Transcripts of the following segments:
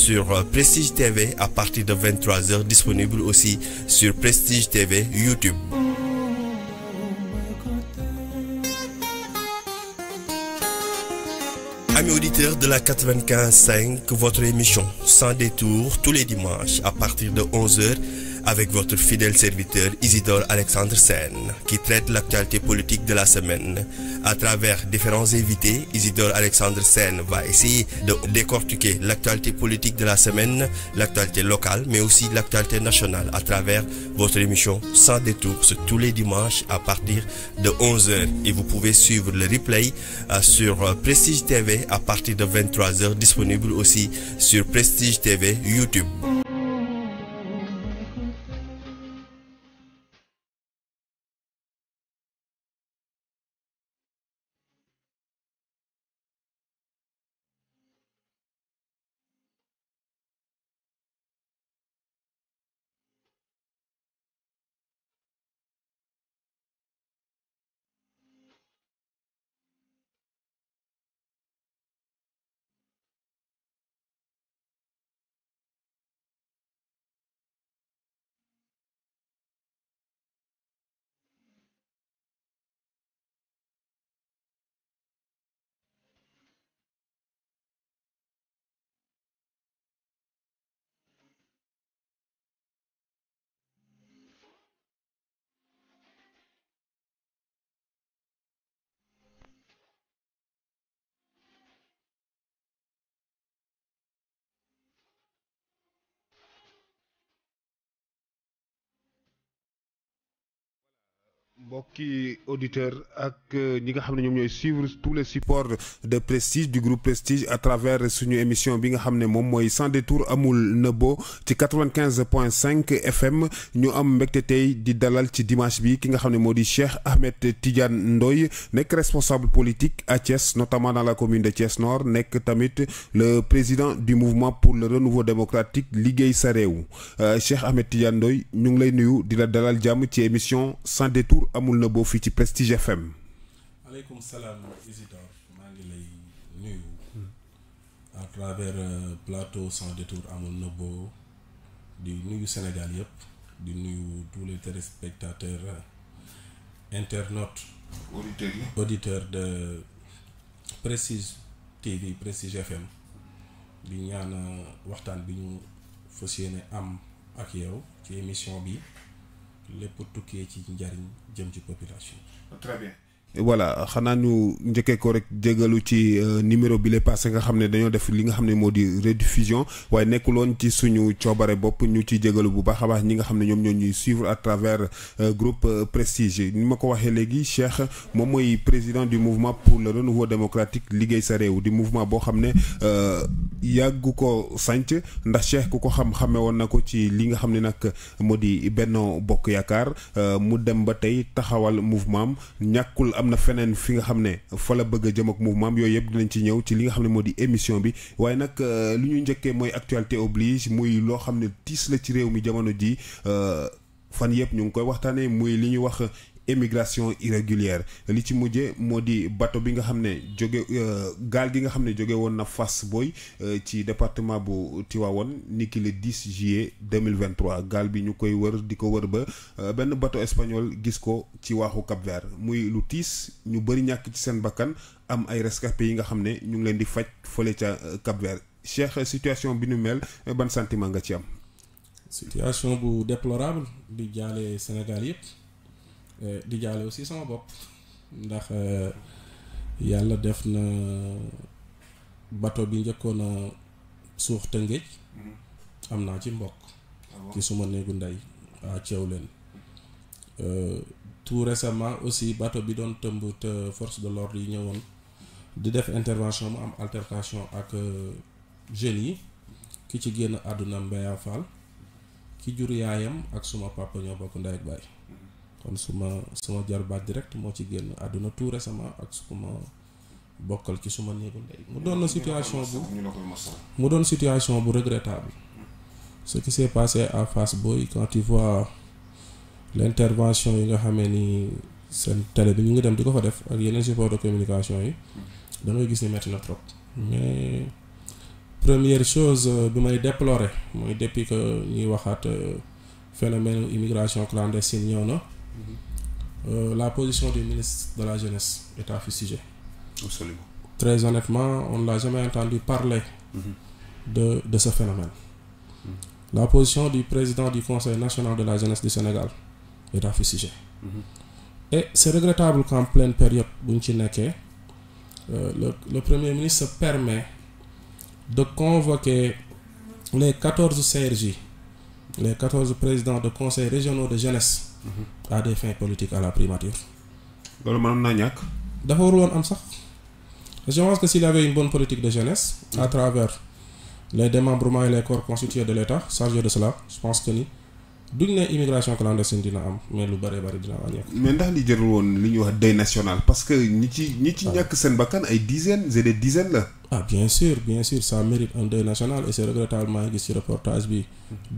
sur Prestige TV à partir de 23h, disponible aussi sur Prestige TV YouTube. Amis auditeurs de la 95.5, votre émission sans détour tous les dimanches à partir de 11h avec votre fidèle serviteur Isidore Alexandre Sen, qui traite l'actualité politique de la semaine. À travers différents invités, Isidore Alexandre Sen va essayer de décortiquer l'actualité politique de la semaine, l'actualité locale, mais aussi l'actualité nationale à travers votre émission Sans détour tous les dimanches à partir de 11h. Et vous pouvez suivre le replay euh, sur euh, Prestige TV à partir de 23h, disponible aussi sur Prestige TV YouTube. mbokki auditeur ak euh, ñi nga xam ñom ñoy suivre tous les supports de prestige du groupe prestige à travers suñu émission bi nga xam mom moy sans détour amul nebo ci 95.5 FM ñu am mbégte tay di dalal ci dimanche bi ki nga xam modi Cheikh Ahmed Tidiane ndoy nek responsable politique à Thiès notamment dans la commune de Thiès Nord nek tamit le président du mouvement pour le renouveau démocratique liguey sarew réew euh, Cheikh Ahmed Tidiane ndoy ñu ngi lay nuyu di la dalal jàmm ci émission sans détour amul la boo fii ci Prestige FM. maaleykum salam Isidore maa ngi lay nuyu. à travers euh, plateau sans détour amul na boo di nuyu Sénégal yépp di nuyu tous les téléspectateurs euh, internautes. auditeurs auditeurs de Prestige TV Prestige FM di ñaan euh, waxtaan bi ñu fas am ak yow ci émission bi. lépp tukkee ci njariñ jëm ci population. très bien. voilà xana ñu njëkkee ko rek jégalu ci euh, numéro bi la passé nga xamné dañu def li nga xamné modi rediffusion way nekkuloon ci suñu ciobaré bop ñu ci bu baax baax ñi nga suivre à travers euh, groupe euh, Prestige ni mako waxé légui Cheikh mom moy président du mouvement pour le renouveau démocratique liggéey sa réew di mouvement bo xamné ne yàggu ko sanc ndax Cheikh ku ko xam xamé woon na ci li nga xamné nak modi Benno Bokk yakar mu dem ba taxawal mouvement am am na feneen fi nga xam ne fa la bëgg a jëm ak mouvement yooyu yëpp dinañ ci ñëw ci li nga xam ne moo di émission bi waaye nag euh, li ñu njëkkee mooy actualité oblige muy loo xam ne tiis la ci réew mi jamono ji euh, fan yëpp ñu ngi koy waxtaanee muy li ñuy wax émigration irrégulière li ci mujje modi bateau bi nga xamné ne gal euh, gi nga xamné Boy euh, ci département bu tiwawon ni ki le 10 juillet 2023 gal bi ñukoy wër diko wër ba ben bato espagnol gis ko ci waaxu Cap-Vert muy lu ñu bari ñak ci sen bakan am ay rescapés yi nga xamné ñu ngi leen di fajj ca Cap-Vert Cheikh situation bi ñu mel ban sentiment nga ci am situation bu déplorable di jalé Sénégal Eh, di jale aussi sama bop ndax eh, yalla def na bateau bi njëkkoon a suux tëngéej mm-hmm. am naa ci mbokk ah ci suma néegu ndey à ah, ceew euh tout récemment aussi bateau bi don te force de l'ordre yi ñëwon di def intervention mu am altercation ak jeune yi ki ci génn aduna mbeya fall ki jur yaayam ak suma papa ñoo bokk nday ak kon su suma suma jarbaat direct moo ci génn àdduna tout récemment ak su ma bokkal ci suma néegu ndey mu doon na situation bu mu doon situation bu regrettable ce qui s'est passé à Fass Boye quand tu vois l'intervention yi nga xame ni seen télé bi ñu ngi dem di ko fa def ak yeneen support de communication yi da ngay gis ni metti trop mais première chose euh, bi may déplorer mooy depuis que ñuy waxaat euh, phénomène immigration clandestine ñëw na Euh, la position du ministre de la Jeunesse est affichée. Très honnêtement, on ne l'a jamais entendu parler mhm. de, ce phénomène. Mhm. La position du président du Conseil national de la jeunesse du Sénégal est affichée. Mhm. Et c'est regrettable qu'en pleine période Bunchineke, euh, le, Premier ministre se permet de convoquer les 14 CRJ, les 14 présidents de conseils régionaux de jeunesse à des fins politiques à la primature. je pense que s'il avait une bonne politique de jeunesse. à travers les démembrements et les corps constitués de l'État chargés de cela je pense que ni duñ ne immigration clandestine dina am mais lu bëree bëri dina wàññeeku. mais ndax li jërul woon li ñuy wax deuil national parce que ñi ci ñi ci ah. ñàkk seen bakkan ay dizaines et des dizaines la. ah bien sûr bien sûr ça mérite un deuil national et c'est regrettable maa ngi gis ci reportage bi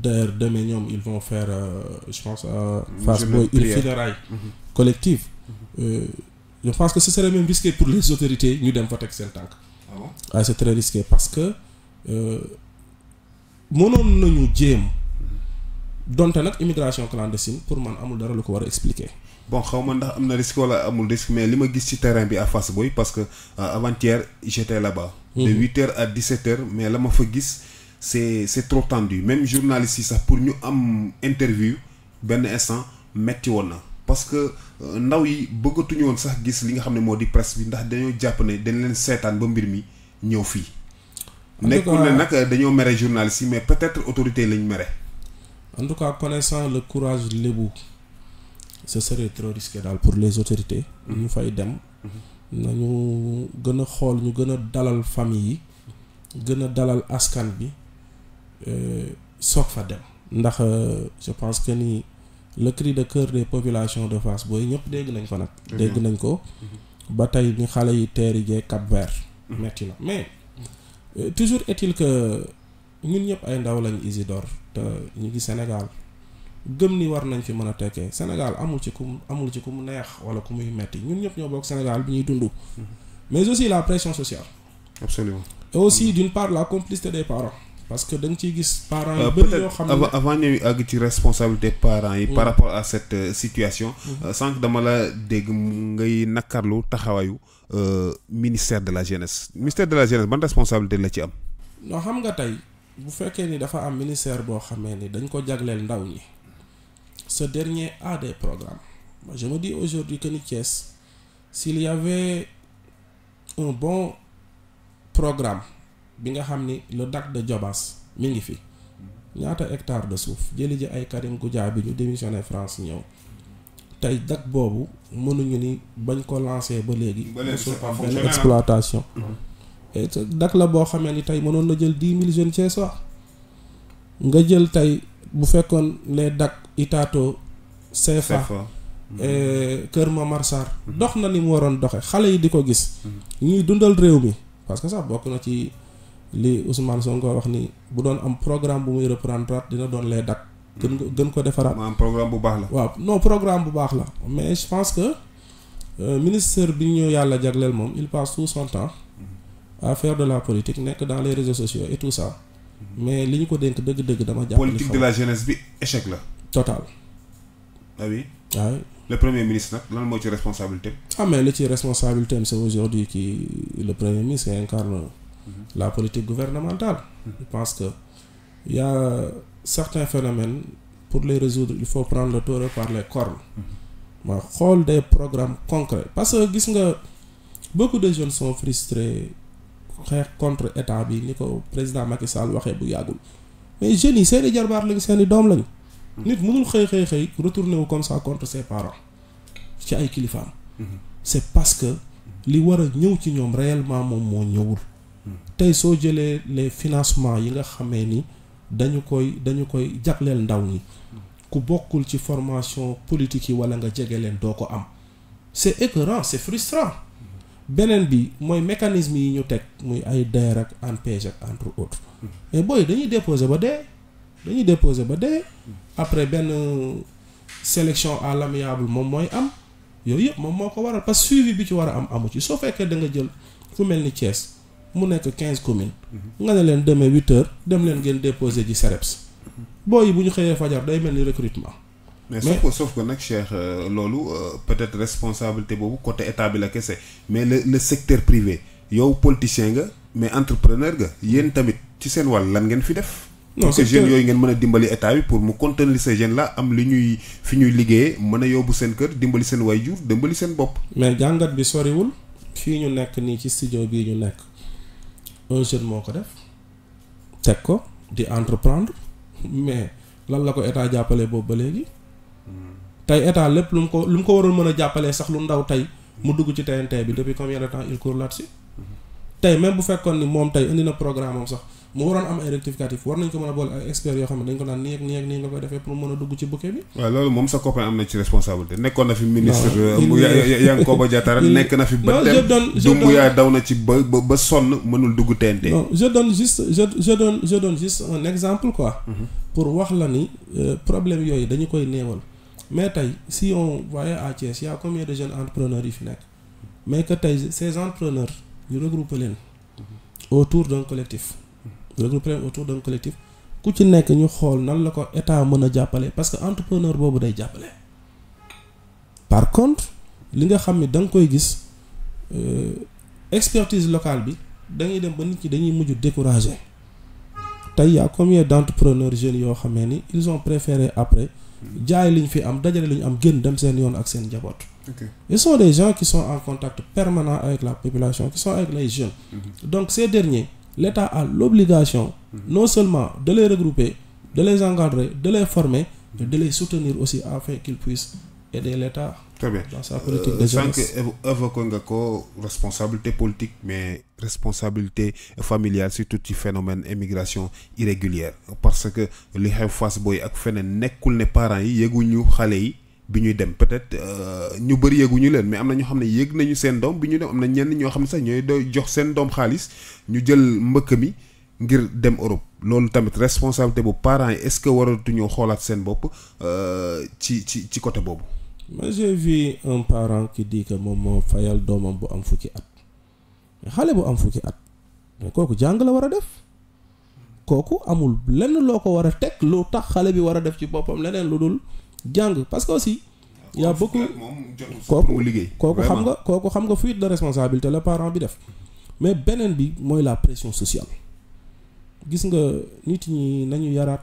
d'ailleurs demain ñoom ils vont faire euh, je pense à Fass Boye une funéraille mhm. collective mhm. Euh, je pense que ce serait même risqué pour les autorités ñu dem fa teg seen tànk ah, ah c'est très risqué parce que euh, mënoon nañu jéem donte nag immigration clandestine pour man amul dara lu ko war a expliquer. bon xaw ma ndax am na risque wala amul risque mais li ma gis ci terrain bi à face, boy parce que euh, avant-hier j'étais là-bas. Mhm. de 8 heures à 17h, heures mais la ma fa gis c'est c'est trop tendu même journaliste yi sax pour ñu am interview benn instant metti woon na. parce que euh, ndaw yi bëggatuñu woon sax gis li nga xam ne moo di presse bi ndax dañoo jàpp ne dañ leen seetaan ba mbir mi ñëw fii. nekkul ne nag euh, dañoo mere journaliste yi mais peut-être autorité lañ mere. En tout cas, connaissant le courage de l'Ebou, ce serait trop risqué pour les autorités. ñu fay dem. nañu gën a xool ñu gën dalal famille nous gën a dalal askan bi euh, soog fa dem. ndax euh, je pense que ni le cri de cœur des populations de Fass boy ñëpp dégg nañ ko nak mhm. dégg nañ ko. Mhm. ba tey ñu xale yi teeri Cap Vert. Mhm. metti na mais euh, toujours est-il que ñun ñëpp ay ndaw lañ Isidore te ñu ngi Sénégal gëm ni war nañ fi mën a tekkee Sénégal amul ci kum amul ci kum neex wala ku muy metti ñun ñëpp ñoo bokk Sénégal bi ñuy dund. Mm-hmm. mais aussi la pression sociale. absolument et aussi d'une part la complicité des parents. parce que da nga ciy gis parents yi euh, bëri yoo xam ne avant ñuy àgg ci responsabilité parents yi mm. par rapport à cette euh, situation mm. euh, sànq dama la dégg ngay nakarlu taxawaayu ministère de la jeunesse ministère de la jeunesse ban responsabilité la ci am non xam nga tey bu fekkee ni dafa am ministère boo xamee ni dañ ko jagleel ndaw ñi ce dernier a des programmes Moi, je me dis aujourd'hui que ni Thiès s'il y avait un bon programme bi nga xam ni le DAC de Jobas mi ngi fi ñaata hectare de suuf jëli ji ay Karim Goudia bi ñu démissionné France ñëw tey DAC boobu mënuñu ni bañ ko lancé ba léegi exploitation mm-hmm. dak la boo xamee ni tey mënoon na jël dix mille jeunes Thiessois nga jël tey bu fekkoon les dak Itato CFA mm-hmm. Kër Momar Sarr mm-hmm. dox na ni mu waroon doxe xale yi di ko gis mm-hmm. ñuy dundal réew mi parce que sax bokk na ci li Ousmane Sonko wax ni bu doon am programme bu muy reprendre dina doon les dak gën gën ko defaraat am programme bu baax la waaw non programme bu baax la mais je pense euh, bi ñu yàlla jagleel moom il passe tout son temps à faire de la politique que dans les réseaux sociaux et tout ça mais liñ ko politique de la jeunesse bi échec là, total ah oui le premier ministre nak lan mo ci responsabilité ah mais le ci responsabilité c'est aujourd'hui qui le premier ministre incarne la politique gouvernementale mhm. je pense que y a certains phénomènes pour les résoudre il faut prendre le taureau par les cornes mhm. ma xool des programmes concrets parce que beaucoup de jeunes sont frustrés xeex contre état bi ni ko président Macky Sall waxee bu yàggul mais jeunes yi seen i jarbaar lañu seen i doom lañu. nit mënul xëy xëy xëy retourné wu comme ça contre ses parents ci ay kilifaam. c'est parce que li war a ñëw ci ñoom réellement moom moo ñëwul. tey soo jëlee les financements yi nga xamee ni dañu koy dañu koy jagleel ndaw ñi. ku bokkul ci formation politique yi wala nga jege leen doo ko am. c'est écœurant c'est frustrant. beneen bi mooy mécanisme yi ñu teg muy ay DER ak ANPEJ ak entre autres mais booy dañuy déposé ba dee dañuy déposé ba dee après benn sélection à l'amiable moom mooy am yooyu yëpp moom moo ko waral parce que suivi bi ci war a am amu ci soo fekkee da nga jël fu mel ni Thiès mu nekk quinze communes mhm. nga ne leen demee huit heures dem leen ngeen déposer ji CEREPS mhm. booy bu ñu xëyee fajar day mel ni recrutement mais sauf que sauf que nag Cheikh euh, lolu euh, peut-être responsabilité bobu côté état bi la kessé mais le le secteur privé yow politicien nga mais entrepreneur nga yeen tamit ci sen wal lan ngeen fi def. non parce que jeunes yoy ngeen meuna dimbali état bi pour mu contenir ces jeunes là am li ñuy fi ñuy liggéeyee mën a yóbbu kër dimbali sen wayjur dimbali sen bop mais jangat bi soriwul fii ñu nekk nii ci studio bi ñu nekk un jeune moko def tek ko di entreprendre mais lan la ko état jàppale bobu ba légui tey état lépp lu mu ko lu mu ko waroon mën a jàppalee sax lu ndaw tey mu dugg ci TNT bi depuis combien de temps il court là-dessus tey bu fekkoon ni moom tey indi na programme sax mu waroon am ay rectificatif war nañ ko mën a boole ay experts yoo xam ne dañ ko naan nii ak nii ak nii nga koy defee pour mën a dugg ci bouquet bi waaw loolu moom sa copain am na ci responsabilité nekkoon na fi ministre euh, Yankhoba Diattara nekk na fi ba dem Doumbouya daw na ci ba dugg TNT non je donne juste je je donne mhm. pour wax la ni euh, problème yooyu dañu koy néewal mais tay, si on voyait à il y a combien de jeunes entrepreneurs ici mais que ces entrepreneurs ils se regroupent autour d'un collectif se regroupent autour d'un collectif ku ci nekk ñu xool nan la ko état mën ne parce que entrepreneur boobu day par contre li nga vous ne c'est euh, l'expertise locale bi dañuy dem ba nit dañuy y a combien d'entrepreneurs jeunes yoo xamee ni ils ont préféré après jaay am am ils sont des gens qui sont en contact permanent avec la population qui sont avec les jeunes. Mhm. donc ces derniers l'état a l'obligation mhm. non seulement de les regrouper de les encadrer de les former de les soutenir aussi afin qu'ils puissent aider l'état dans sa politique de euh, jeunesse. responsabilité politique mais responsabilité familiale tout ce phénomène immigration irrégulière parce que li xew Fass Boye ak fenen nekul ne parents yi yëguñu xalé yi biñu dem peut-être euh, ñu bëri yëguñu leen mais amna ñu xamné yegg nañu sen dom biñu dem amna na ñenn ñoo xam ne sax ñooy jox sen dom xaliss ñu jël mbëkk mi ngir dem Europe loolu tamit responsabilité bu parents yi est-ce que waratuñoo xoolaat seen bopp euh, ci ci ci côté bobu Moi j'ai vu un parent qui dit que mom moo fayal doomam bu am fukki at. xale bu am fukki at mais kooku jàng la war a def kooku amul lenn loo ko war a teg lu tax xale bi war a def ci boppam leneen lu dul jàng parce que aussi. y a beaucoup kooku kooku xam nga kooku xam nga fuite de responsabilité la parent bi def mais beneen bi mooy la pression social gis nga nit ñi nañu yaraat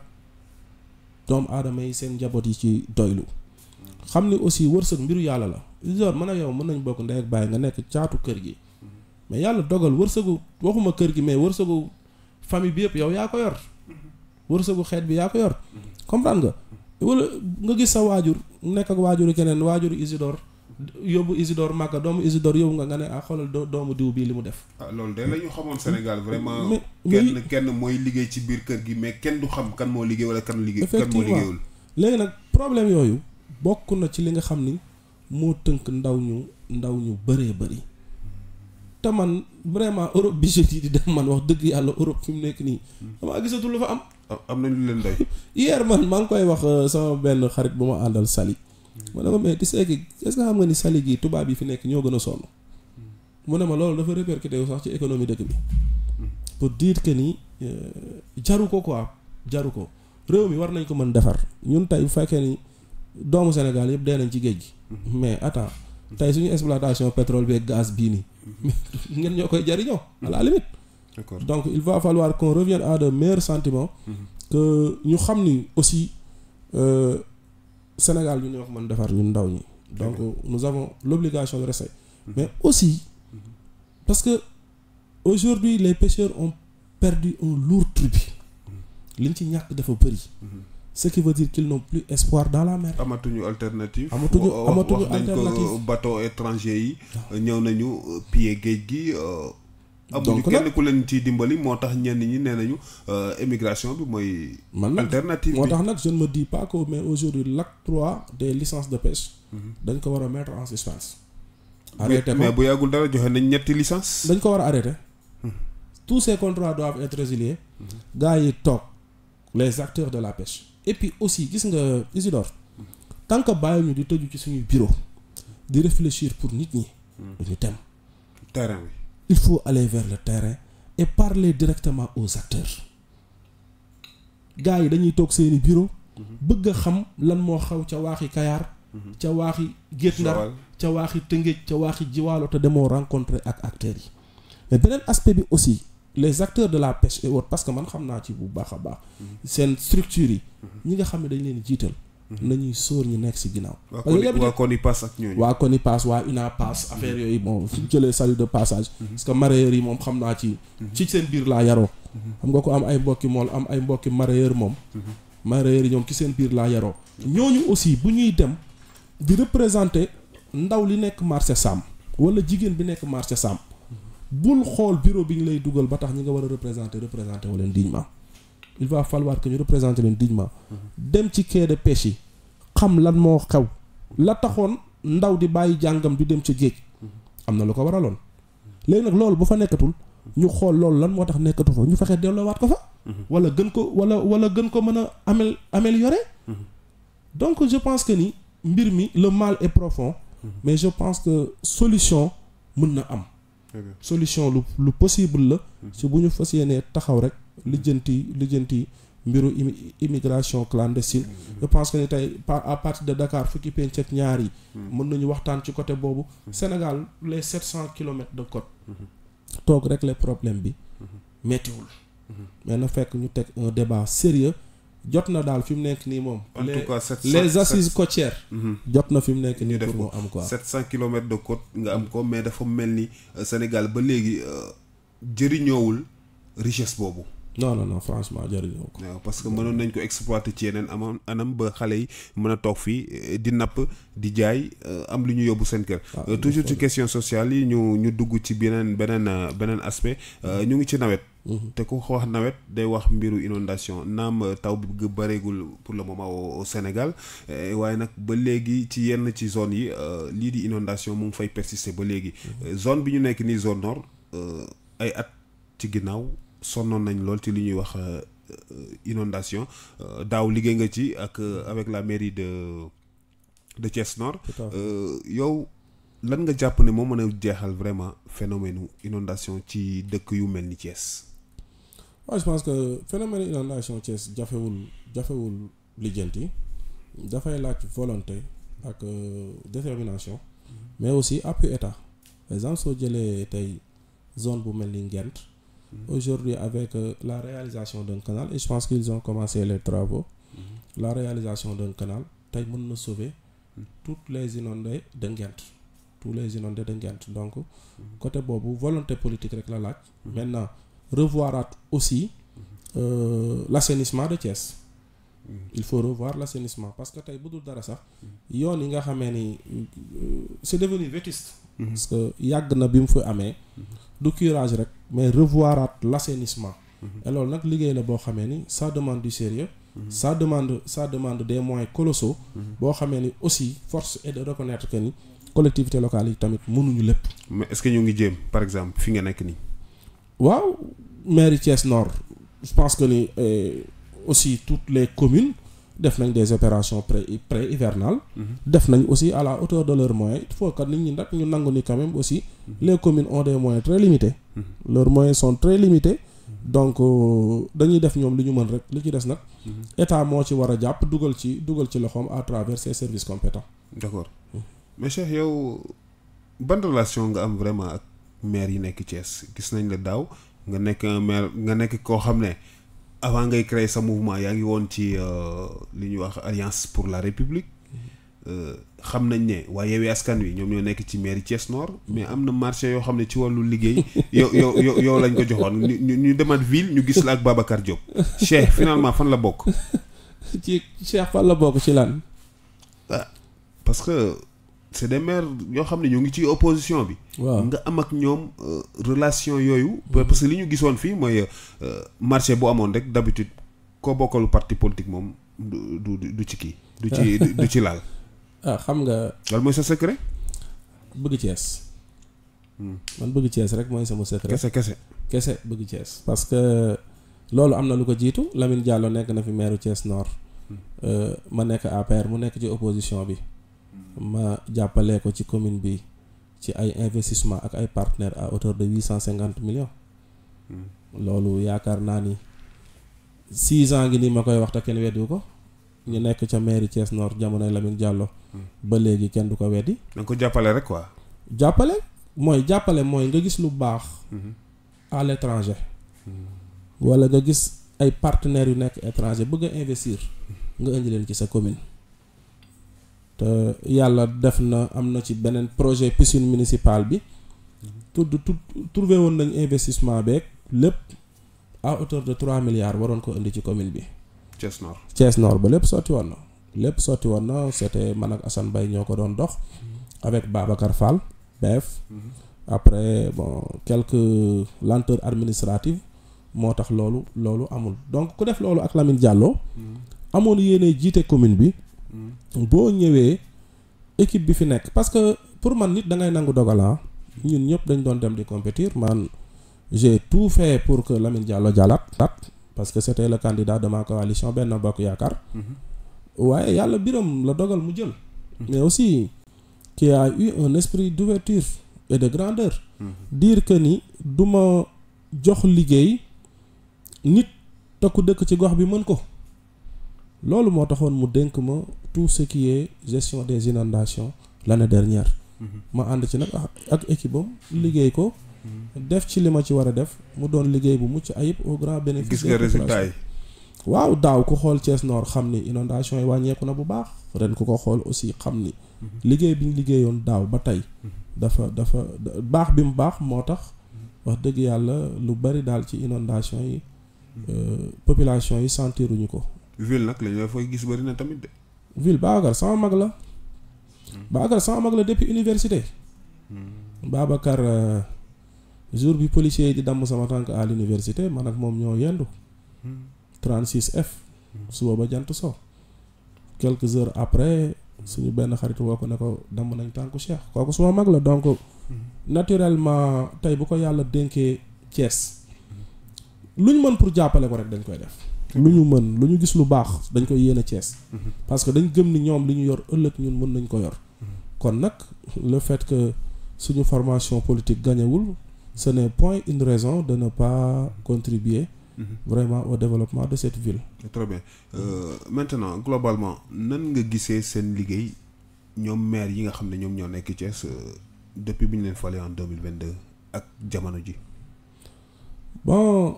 doomu aadama yi seen njaboot yi ci doylu xam ni aussi wërsëg mbiru yàlla la. Isidore mën a yow mën nañ bokk ndey ak bàyyi nga nekk caatu kër gi. mais yàlla dogal wërsëgu waxuma kër gi mais wërsëgu famille bi yëpp yow yaa ko yor wërsëgu xeet bi yaa ko yor comprendre nga wala nga gis sa waajur nekk ak waajuru keneen waajuru Isidore yóbbu Isidore Màkka doomu Isidore yóbbu nga nga ne ah doo doomu diw bii li mu def. ah loolu de la ñu xamoon Sénégal vraiment. kenn kenn mooy liggéey ci biir kër gi mais kenn du xam kan moo liggéey wala kan liggéey. kan moo liggéeyul léegi nag problème yooyu bokk na ci li nga xam ni moo tënk ndaw ñu ndaw ñu bëree bëri. te man vraiment Europe bi je di def man wax dëgg yàlla Europe fi mu nekk nii. damaa gisatu lu fa am. Ah, am ñu leen doy. hier man maa ngi koy wax euh, sama benn xarit bu ma àndal Sali. Hmm. ma ne ko mais tu sais que ni Sali gii tubaab yi fi nekk ñoo gën a sonn. Hmm. mu ne ma loolu dafa répercuté wu ci économie dëkk bi. Hmm. pour dire que ni euh, jaru ko quoi jaru ko réew mi war nañ ko mën defar ñun tey bu fekkee ni doomu Sénégal yëpp dee nañ ci géej gi. mais attends tey suñu exploitation pétrole bi ak gaz bii nii. Mm-hmm. à la limite donc il va falloir qu'on revienne à de meilleurs sentiments mm-hmm. que nous xam aussi aussi euh, Sénégal donc nous avons l'obligation de rester mm-hmm. mais aussi parce que aujourd'hui les pêcheurs ont perdu un lourd tribut liñ ci ce qui veut dire qu'ils n'ont plus espoir dans la mer. amatuñu alternative. amatuñu amatuñu alternative wax nañ bateau étranger yi. ñëw nañu euh, pied géej gi. Euh, amuñu kenn ku leen ciy dimbali moo tax ñenn On a nañu euh, émigration bi mooy. alternative bi je ne me dis pas que mais aujourd'hui l'acte 3 des licences de pêche. on mhm. ko war mettre en suspense. arrêté mais bu je dara n'y nañ ñetti licence dañ ko war arrêter. Mhm. tous ces contrats doivent être résiliés. Mhm. gars yi top les acteurs de la pêche et puis aussi gis nga Isidore tant que bàyyi ñu di tëju ci suñuy bureau di réfléchir pour nit ñi hmm. duñu dem terrain bi il faut aller vers le terrain et parler directement aux acteurs gars yi dañuy toog seeni bureau hmm. bëgg a xam lan moo xaw ca waaxi Kayaar hmm. ca waaxi Gétt Ndar ca waaxi Tëngéej ca waaxi Jiwaalo te demoo rencontrer ak acteurs yi mais beneen aspect bi aussi les acteurs de la pêche et autres parce que man xam naa ci bu baax a baax. Mhm. seen structures yi. Mhm. ñi nga xam ne dañ leen jiital. Mhm. nañuy sóor ñu nekk si ginnaaw. waa Conipass ak ñooñu. waa Conipass waa passe affaire yooyu bon suñ jëlee salut de passage. parce que mareyeurs yi moom xam naa ci. ci seen biir laa yaroo. xam nga ko am ay mbokki mool am ay mbokki mareyeur moom. mareyeur yi ñoom ci seen biir laa yaroo. ñooñu aussi bu ñuy dem di représenter ndaw li nekk marché Sam wala jigéen bi nekk marché Sam bul xool bureau bi ñu lay dugal ba tax ñi représenter représenter il va falloir que ñu représenter leen dignement dem ci quai de pêche xam lan moo xew la taxoon ndaw di bàyyi jàngam di dem ca géej am lu ko waraloon léegi nag loolu bu fa nekkatul ñu xool lan moo tax nekkatu fa ñu améliorer donc je pense que ni mbir le mal est profond mais je pense que solution mën am solution lu possible la mhm. si bu ñu fas taxaw rek bureau d'immigration mbiru immigration clandestine mhm. je pense que ni à partir de Dakar fukki penc ak ñaar yi mhm. mën nañu waxtaan ci côté bobu Sénégal les 700 km de côte tok rek les problèmes bi mettiwul mais na fekk ñu tek un débat sérieux jot na daal fi mu nekk nii moom. en tout cas les assises côtières. Mhm. jot na fi mu nekk nii pour mu am quoi. 700 kilomètres de côte nga am ko mais dafa mel ni euh, Sénégal ba léegi euh, jëriñoowul richesse boobu. non non non franchement jëriñoo ko. waaw parce que mënoon nañ ko exploiter ci yeneen amoon anam ba xale yi mën a toog fii euh, di napp di jaay am lu ñu yóbbu seen kër. Ah, toujours ci question sociale yi ñu ñu dugg ci beneen beneen beneen aspect ñu ngi ci nawet. Mhm. te ku wax nawet day wax mbiru inondation naam euh, taw bi bareegul pour le moment au Sénégal eh, waaye nag ba léegi ci yenn ci zone yi euh, lii di inondation mu ngi fay persister ba léegi mhm. euh, zone bi ñu nekk nii zone nord ay at ci ginnaaw sonnoon nañ lool ci li ñuy wax inondation daaw liggéey nga ci ak avec la mairie de de Thiès Nord yow lan nga jàpp ne moo mën a jeexal vraiment phénomène inondation ci dëkk yu mel ni Thiès moi je pense que le phénomène inondation Thiès jafewul jafewul lijjanti a la volonté la euh, détermination mm-hmm. mais aussi appui état par exemple on jëlee une zone bu mel mm-hmm. aujourd'hui avec euh, la réalisation d'un canal et je pense qu'ils ont commencé les travaux mm-hmm. la réalisation d'un canal tey mën sauver toutes les inondations de Ngent tous les inondés de Ngent donc côté la volonté politique avec la LAC, maintenant revoir aussi euh, l'assainissement de Thiès. il faut revoir l'assainissement parce que tu as dul dara sax yi nga euh, c'est devenu vétiste parce que yàgg na bi mu amé du curage mais revoir l'assainissement. alors loolu nag liggéey la ça demande du sérieux ça demande ça demande des moyens colossaux. boo xamee aussi force est de reconnaître que ni collectivités locales yi tamit mais est-ce que ñu ngi par exemple fi nga waaw mairie Thiès Nord je pense que eh, aussi toutes les communes def des opérations pré pré hivernales mhm. def aussi à la hauteur de leurs moyens il faut que nous, nous quand même aussi mhm. les communes ont des moyens très limités mhm. leurs moyens sont très limités donc nous euh, def fait ce ñu mën rek à ci des nag état moo ci ci à travers ses services compétents d'accord mais cher, yow bande relation vraiment maire yi nekk cees gis nañ la daaw nga nekk un maire nga nekk koo xam ne avant ngay créer sa mouvement yaa ngi woon ci euh, li ñuy wax alliance pour la république mm-hmm. euh, xam nañ ne waaye Yewwi Askan Wi ñoom ñoo nekk ci maire cees Nord mais am na marché yoo xam ne ci wàllu liggéey yow yow yow lañ ko joxoon ñu ñu demaat ville ñu gis la ak Babacar Diop Cheikh finalement fan la bokk. ci Cheikh fan la bokk ci lan. ah parce c'est des maire yoo xam ne ñoo ngi ci opposition bi. waaw nga am ak ñoom euh, relation yooyu. parce que li ñu gisoon fii mooy euh, marché bu amoon rek d'habitude koo bokkalu parti politique moom du du du ci kii. du ci du ci laal. Ah, xam nga. loolu mooy sa secret. bëgg Cees. Hmm. man bëgg Cees rek mooy sama secret. kese kese kese bëgg Cees. parce que loolu am na lu ko jiitu Lamine Diallo nekk na fi maire Cees Nord. Hmm. Euh, ma nekk APR mu nekk ci opposition bi. ma jàppalee ko ci commune bi ci ay investissement ak ay partenaires à hauteur de huit cent cinquante millions. Hmm. loolu yaakaar naa ni six ans ngi nii ma koy wax te kenn weddiwu ko. ñu nekk ca mairie Thiès Nord jamonoy Lamine Diallo. Hmm. ba léegi kenn du ko weddi. da nga ko jàppale rek quoi. jàppale mooy jàppale mooy nga gis lu baax. Hmm. à l' étranger. wala nga gis ay partenaires yu nekk étranger bëgg a investir nga indi leen ci sa commune. te yàlla def na am na ci beneen projet piscine municipale bi tudd trouvé woon nañ investissement beeg lépp à hauteur de trois milliards waroon ko indi ci commune bi Thiès Nord Thiès Nord ba lépp sotti woon na lépp sotti c'était man ak Assane Bay ñoo ko doon dox avec Babacar Fall bref après bon quelques lenteurs administratives moo tax loolu loolu amul donc ku def loolu ak Lamine Diallo mm. amoon yéene jiite commune bi bon ñëwee équipe bi fi parce que pour man nit da ngay nangu dogala ah. ñun ñëpp dañ compétir man j'ai tout fait pour que Lamine Diallo parce que c'était le candidat de ma coalition ben Bokk yakar mm-hmm. waaye yàlla biram la dogal mu mais aussi qui a eu un esprit d'ouverture et de grandeur mm-hmm. dire que ni du jox nit ci gox bi mën ko loolu moo taxoon mu dénk ma tout ce qui est gestion des inondations l'année dernière mhm. ma ànd ci nag ak équipe liggéey ko mhm. def ci li ma ci war a def mu doon liggéey bu mucc ayib au grand bénéfice gis yi waaw daaw ku xool Thiès Nord xam ni inondation yi wàññeeku na bu baax ren ku ko xool aussi xam ni mhm. liggéey bi ñu liggéeyoon daaw ba tey dafa dafa baax bi mu baax moo tax wax dëgg yàlla lu bari daal ci inondation yi euh, population yi sentiruñu ko ville nag la ñu fooy gis bëri na tamit de. ville Babacar sama mag la. Babacar sama mag la depuis université. Hmm. Babacar euh, jour bi policier di damm sama tànk à l'université man ak moom ñoo yendu. 36F. Hmm. Hmm. suba ba jant so. quelques heures après suñu benn xarit woo ko ne ko damm nañ tànku Cheikh kooku suma mag la donc. naturellement tey bu ko yàlla dénkee lu ñu mën pour jàppale ko rek dañ koy def. lu ñu mën lu ñu gis lu baax dañ koy yéene Thiès. Mhm. parce que dañ gëm ni ñoom li ñu yor ëllëg ñun mën nañ ko yor. Mhm. kon le fait que suñu formation politique gañewul ce n'est point une raison de ne pas contribuer. Mhm. vraiment au développement de cette ville. très bien euh, maintenant globalement nan nga gisee seen liggéey ñoom maire yi nga xam ne ñoom ñoo nekk Thiès euh, depuis bi ñu leen falee en 2022 ak jamono bon.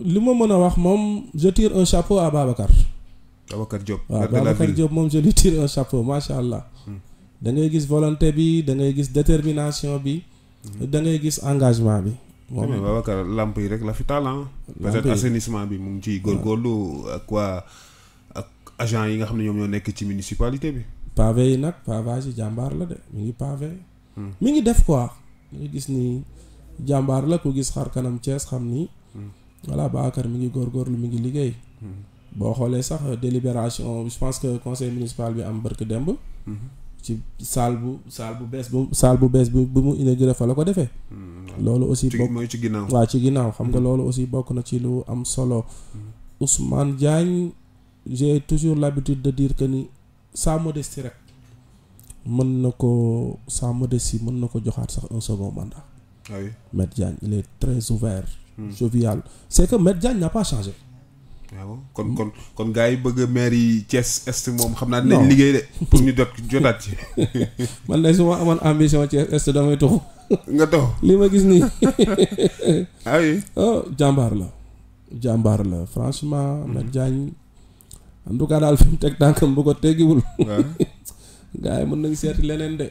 li ma mën a wax moom je un chapeau à Babacar. Babacar Diop. waaw Babacar Diop moom je un chapeau macha allah. Hmm. dangay gis volonté bi da gis détermination bi. Hmm. dangay gis engagement bi. moom mais Babacar làmp yi rek la fi talent. peut bi mu ngi ciy góorgóorlu ak waa ak agent yi nga xam ne ñoom ñoo nekk ci municipalité bi. pavé yi nag pavage yi jàmbaar la de mi ngi pavé. Hmm. mi ngi def quoi. ñu gis ni jàmbaar la ku gis xar kanam Thiès xam ni. voilà Bakar mi ngi góor góor lu mi ngi liggéey. Hmm. boo xoolee sax délibération je pense que conseil municipal bi am barke demb hmm. ci saal bu saal bu bees bu saal bu bees bi bu mu inauguré fa la ko defee. Hmm. loolu aussi bokk mooy ci ginnaaw. waaw ci ginnaaw xam nga loolu aussi bokk na ci lu am solo. Ousmane Diagne j'ai toujours l'habitude de dire que ni sa modestie rek mën na ko sa modestie mën na ko joxaat sax un second mandat. Ah oui Maître il est très ouvert. Hmm. jovial c'est que Maître Diagne n'a pas waaw kon kon kon gars yi bëgg a maire yi Thiès est moom xam naa dinañ liggéey de pour ñu jot jotaat ci. man de su ma amoon ambition Thiès est damay toxu nga tox li ma gis nii. ah oh jàmbaar la. jàmbaar la franchement. Hmm. Maître Diagne en tout daal mu teg tànkam bu ko teggiwul. waaw gars yi mën nañ seeti leneen de.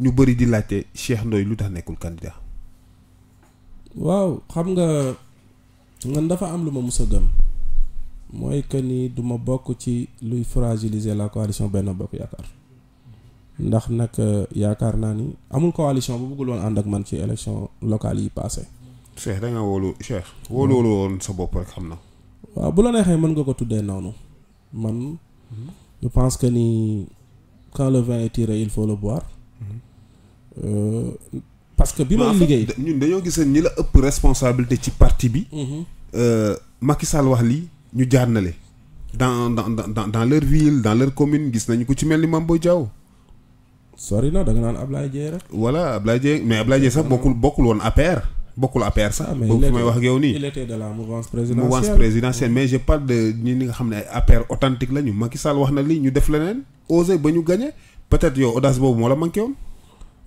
ñu bëri di laajte Cheikh Ndoye lu tax nekkul candidat. waaw xam nga man dafa am lu ma mus a mooy que ni du ma bokk ci luy fragiliser la coalition benn Bokk Yaakaar ndax nag euh, yaakaar naa ni amul coalition bu bëggul woon ànd ak man ci élection locale yi passé Cheikh da nga wóolu Cheikh wóolu woon sa bopp rek xam na. waaw bu la neexee mën nga ko tuddee noonu man mhm. je pense que ni quand le vin est tiré il faut le boire. parce que bi may liggéey ñun dañoo gis ñi la ëpp responsabilité ci parti bi. Mhm. Euh, Macky Sall wax lii ñu jaarnale dans dans dans dans leur ville dans leur commune gis nañu ko ci mel ni Mame Boye Diao. sori na da nga naan Ablaye Dieng rek. voilà Ablaye Dieng mais Ablaye Dieng sax bokkul bokkul woon APR. bokkul APR sax. Ah, boobu may wax ak yow nii. il était de la mouvance présidentielle mouvance présidentielle mais je parle de ñi nga xam ne APR authentique la ñu Macky Sall wax na lii ñu def leneen oser ba ñu peut-être yow audace boobu moo la manqué woon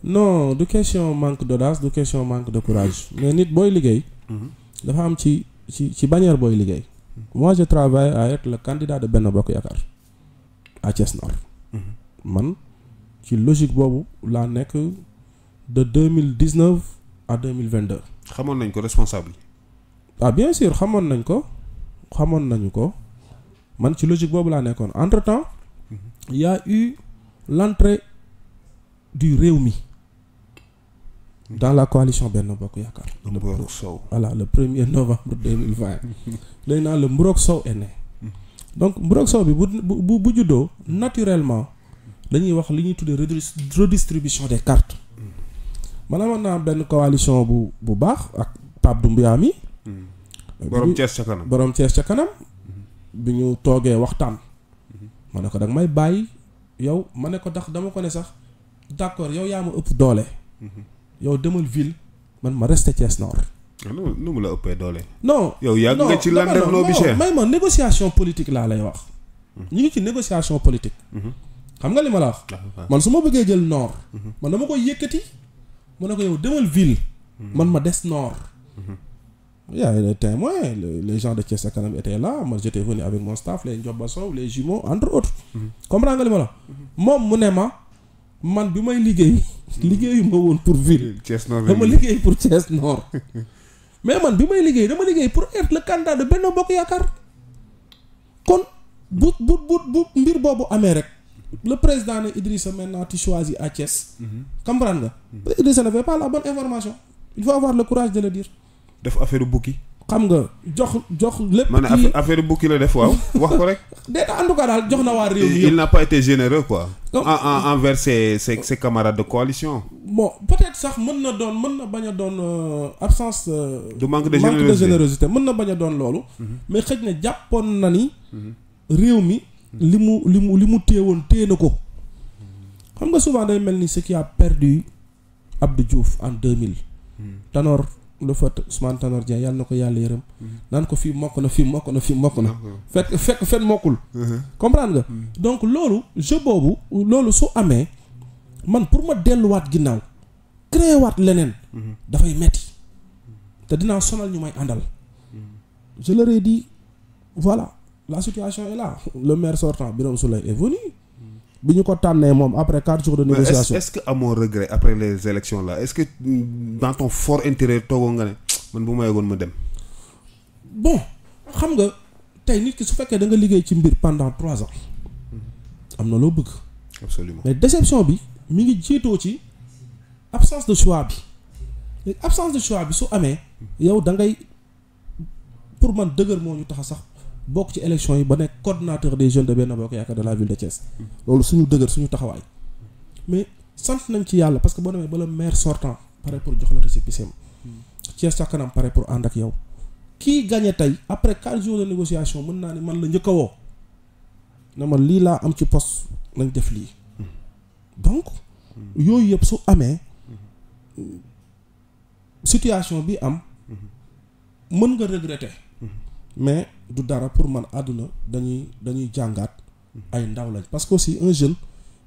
non du question manque d'audace du question manque de courage mm-hmm. mais nit boy liggéey. Mm-hmm. dafa am ci ci ci bannière boy liguey mm-hmm. moi je travaille à être le candidat de Benno yakar. à Thiès Nord. man ci logique bobu la de 2019 à 2022. xamone sais nañ ko responsable. ah bien sûr xamone nañ ko xamone nañu ko man ci logique de la entre temps il y a eu l'entrée du Réumi dans la coalition Benno Bokk Yaakaar. le Mborok Sow voilà le 1er novembre 2020. léegi le Mborok Sow est né. donc Mborok Sow bi bu bu bu naturellement dañuy wax li ñuy tuddee redistribution des cartes. maanaam na ben coalition bu bu baax ak Pape Doumbia mi. Mm-hmm. borom Thiès ca kanam borom Thiès ca kanam. Mm-hmm. bi ñu toogee waxtaan. Mm-hmm. ma ko dag may bàyyi yow mané ko tax dama ko né sax d'accord yow yaa ma ëpp doole yow demal ville man ma resté Thiès Nord. Ah, nu non, mu la ëppee doole. non yow yàgg nga ci lan def bi cher may ma négociation politique laa lay wax. ñu ngi ci négociation politique. Mhm. xam nga li ma la wax. Ah, man su ma bëggee jël Nord. Mhm. man dama koy yëkkati. mu ne ko yow demal ville. Mhm. man ma des Nord. y a des témoins les gens de Thiès Kanam étaient là man j'étais venu avec mon staff les Ndiobasow les jumeaux entre autres. comprends nga li ma la. moom mu ne ma. man bi may liggéey liggéeyu ma woon pour ville dama liggéey pour Thiès Nord mais man bi may liggéey dama liggéey pour être le candidat de Benno Bokk Yaakaar kon bu bu bu bu mbir boobu amee rek le président ne Idrissa maintenant tu choisis à Thiès mhm. comprendre nga mhm. Idrissa n'avait pas la bonne information il faut avoir le courage de le dire def affaire bukki xam nga jox jox lépp. man affaire bukki la def waaw wax ko rek. de en tout cas daal jox na waa réew mi il n'a pas été généreux quoi. en en envers ses ses ses camarades de coalition. bon peut-être sax mën na doon mën na bañ a doon euh, absence. Euh, de manque de générosité manque de générosité mën na bañ a doon loolu. Mhm. mais xëj na jàppoon na ni. Mhm. réew mi li mu li mu li mu téewoon téye na ko. xam nga souvent day mel ni ce qui a perdu Abdou Diouf en deux mille. Mhm. Tanor le fait Ousmane Tanor Dia yalla nako yalla yàlla nan ko fi mokk na fi mokk na fi mokk na fek fek fen mokul uh-huh. comprendre nga hmm. donc lolu je boobu lolu su amé man pour ma wat ginnaw créer wat lenen uh-huh. da fay metti te dina sonal ñu may andal hmm. je leur ai dit voilà la situation est là le maire sortant Birame Soulay est venu après 4 jours de négociation. est-ce que mon regret après les élections là est-ce que mm, dans ton fort intérêt tu ne man pas bon je sais que tu as su que tu as pendant trois ans absolument mais déception c'est que ngi absence de choix L'absence de choix bi yow da ngay pour moi, bok ci élection yi ba nek coordinateur des jeunes de Benno Bokk Yaakaar de la ville de Thiès. loolu suñu dëgër suñu taxawaay. mais sant nañ ci yàlla parce que boo demee ba le maire sortant pare pour jox la récépissé Thiès ca kanam pare pour ànd ak yow. kii gagné tey après quatre jours de négociation mën naa ni man la njëkk a woo na ma lii laa am ci poste nañ def lii. donc yooyu yëpp su amee situation bi am. mën nga regretter mais du dara pour man dañuy dañuy ay parce que aussi un jeune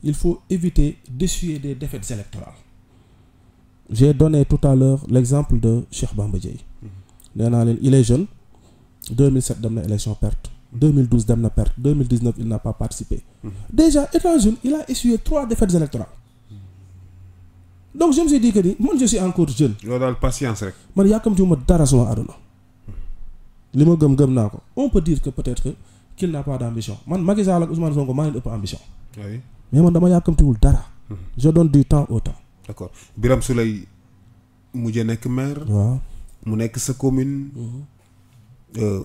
il faut éviter d'essuyer des défaites électorales j'ai donné tout à l'heure l'exemple de Cheikh Bamba il est jeune 2007 il une élection perte 2012 dem na perte 2019 il n'a pas participé déjà étant jeune il a essuyé trois défaites électorales donc je me suis dit que moi je suis encore jeune. loolu le patience rek. man yàkkamtiwuma dara suma on peut dire que peut-être qu'il n'a pas d'ambition man je ne ak Ousmane Sonko ambition. mais dara. Mhm. je donne du temps au temps. d'accord Biram Souley, je nekk maire. waaw mu sa commune. Mhm. Euh,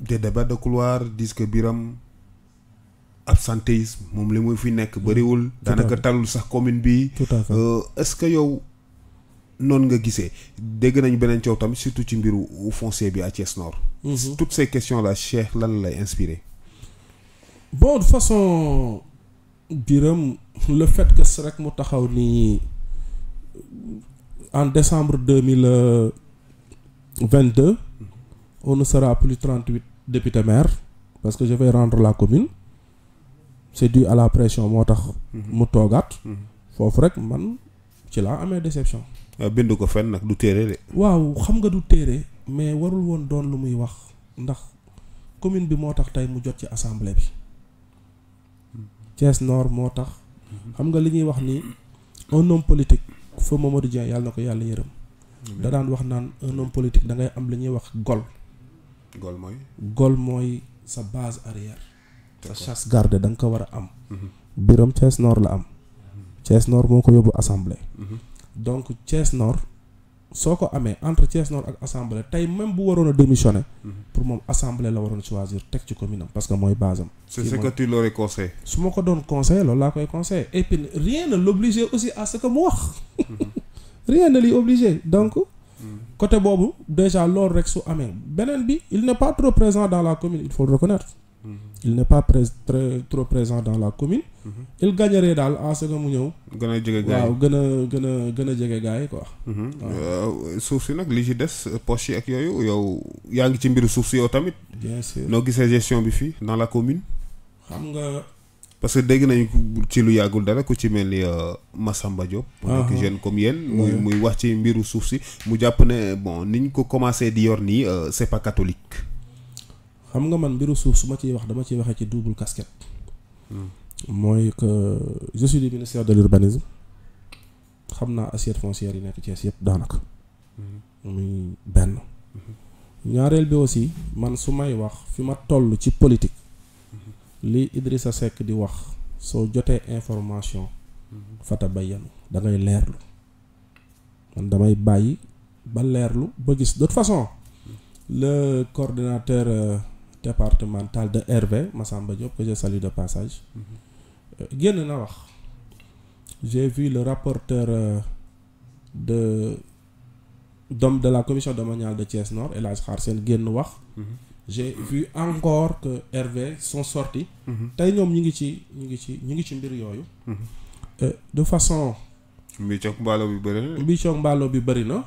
des débats de couloir disent que Biram absentéisme moom li muy fi nekk commune est-ce que yow non nga gisee dégg nañu benen ciow tam surtout ci mbiru foncier bi à Thiès Nord. Mhm. toutes ces questions là Cheikh lan inspiré. bon de façon Biram, le fait que rek mu taxaw ni en décembre 2022 on ne sera plus 38 députés maires parce que je vais rendre la commune c'est dû à la pression motax mhm. mu togat que mhm. rek man ci à mes déception. bind ko fenn nag du téere de. waaw xam nga du téere mais warul woon doon lu muy wax ndax commune bi moo tax tey mu jot ci assemblée bi. Thiès noor moo tax. xam nga li ñuy wax ni un homme politique fa Mamadou Dieng yàlla na ko yàlla yërëm. da daan wax naan un homme politique da am li ñuy wax gol. gol mooy. gol mooy sa base arrière. sa chasse gardée da nga ko war a am. Mhm. biram Thiès Nord la am. Thiès noor moo ko yóbbu assemblée. Mhm. donc Thiès Nord entre Thiès Nord et assemblée tay même bu waroon a démissionner. Mhm. pour moom assemblée la waroon choisir ci commune parce que mooy base am. c'est ce que tu leur conseilles. su ma ko doon conseillé loolu laa koy conseillé et puis rien ne l'oblige aussi à ce que moi wax. Mhm. rien ne l'y obligé donc. Mhm. côté Bobo, déjà loolu rek su amee beneen bi il n'est pas trop présent dans la commune il faut le reconnaître. il n'est pas très trop présent dans la commune. Mm-hmm. il gagnerait daal en ce que mu ñëw. gën a jege gars yi gën gën a gën a jege gars yi quoi. Mm-hmm. Euh, suuf si nag li ci des poche yi ak yooyu yow yaa ngi ci mbiru suuf si yow tamit. bien noo gisee gestion bi fii dans la commune. xam nga. parce que dégg nañu ci lu yàggul dara ku ci mel ni euh, Massamba Diop. mu nekk ah, ah. jeune comme yéen. muy muy wax ci mbiru suuf si mu jàpp ne bon ni ñu ko commencé di yor nii euh, c'est pas xam nga man mbiru suuf su ma ciy wax dama ciy waxee ci double casquette. Hmm. mooy que je suis le ministère de l'urbanisme xam naa assiette foncière yi nekk Thiès yëpp daanaka. Mhm. muy benn. Mhm. ñaareel bi aussi man su may wax fi ma toll ci politique. Mhm. li Idrissa Seck di wax soo jotee information. fata bayyanu da ngay leerlu. man damay bàyyi ba leerlu ba gis de façon. le coordinateur euh, départemental de RV Massamba Diop que je salue de passage génn na wax j'ai vu le rapporteur euh, de d'homme de la commission domaniale de Thiès Nord El Hadj Khar génn wax mhm. j'ai vu encore que Hervé sont sortis mhm. tey ñoom ñu ngi ci ñu ngi ci ñu ngi ci mbir yooyu mhm. euh, de façon mbiicoog mbaalo bi bëri na mbiicoog mbaalo bi bëri na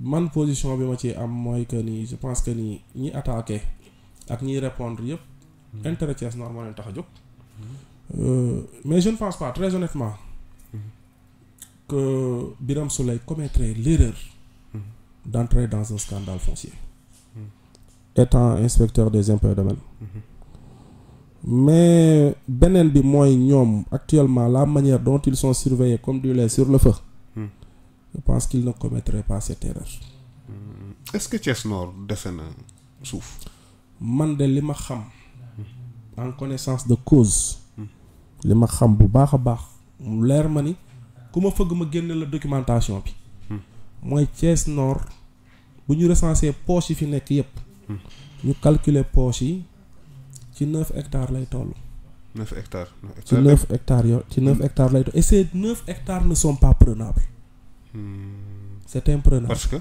man position bi ma ci am mooy que ni je pense que ni ñi attaqué ak ñi répondre yëpp intérêt Thiès Nord moo leen tax a jóg euh, mais je ne pense pas, très honnêtement, mm-hmm. que Biram Soleil commettrait l'erreur mm-hmm. d'entrer dans un scandale foncier, mm-hmm. étant inspecteur des impôts de même. Mais Benen bi actuellement, la manière dont ils sont surveillés comme du lait sur le feu, mm. je pense qu'ils ne commettraient pas cette erreur. Est-ce que Thiès Nord défend un souffle Man en connaissance de cause, je ma xam bu baax je baax leer ma ni ku ma fëgg la documentation bi hmm. mooy Thiès Nord bu ñu recensé poche yi fi nekk yëpp hmm. ñu calculer poche yi ci 9 hectares lay 9 hectares. ci 9 hectares ci 9 hmm. hectares lay et ces 9 hectares ne sont pas prenables. C'est imprenable. parce que.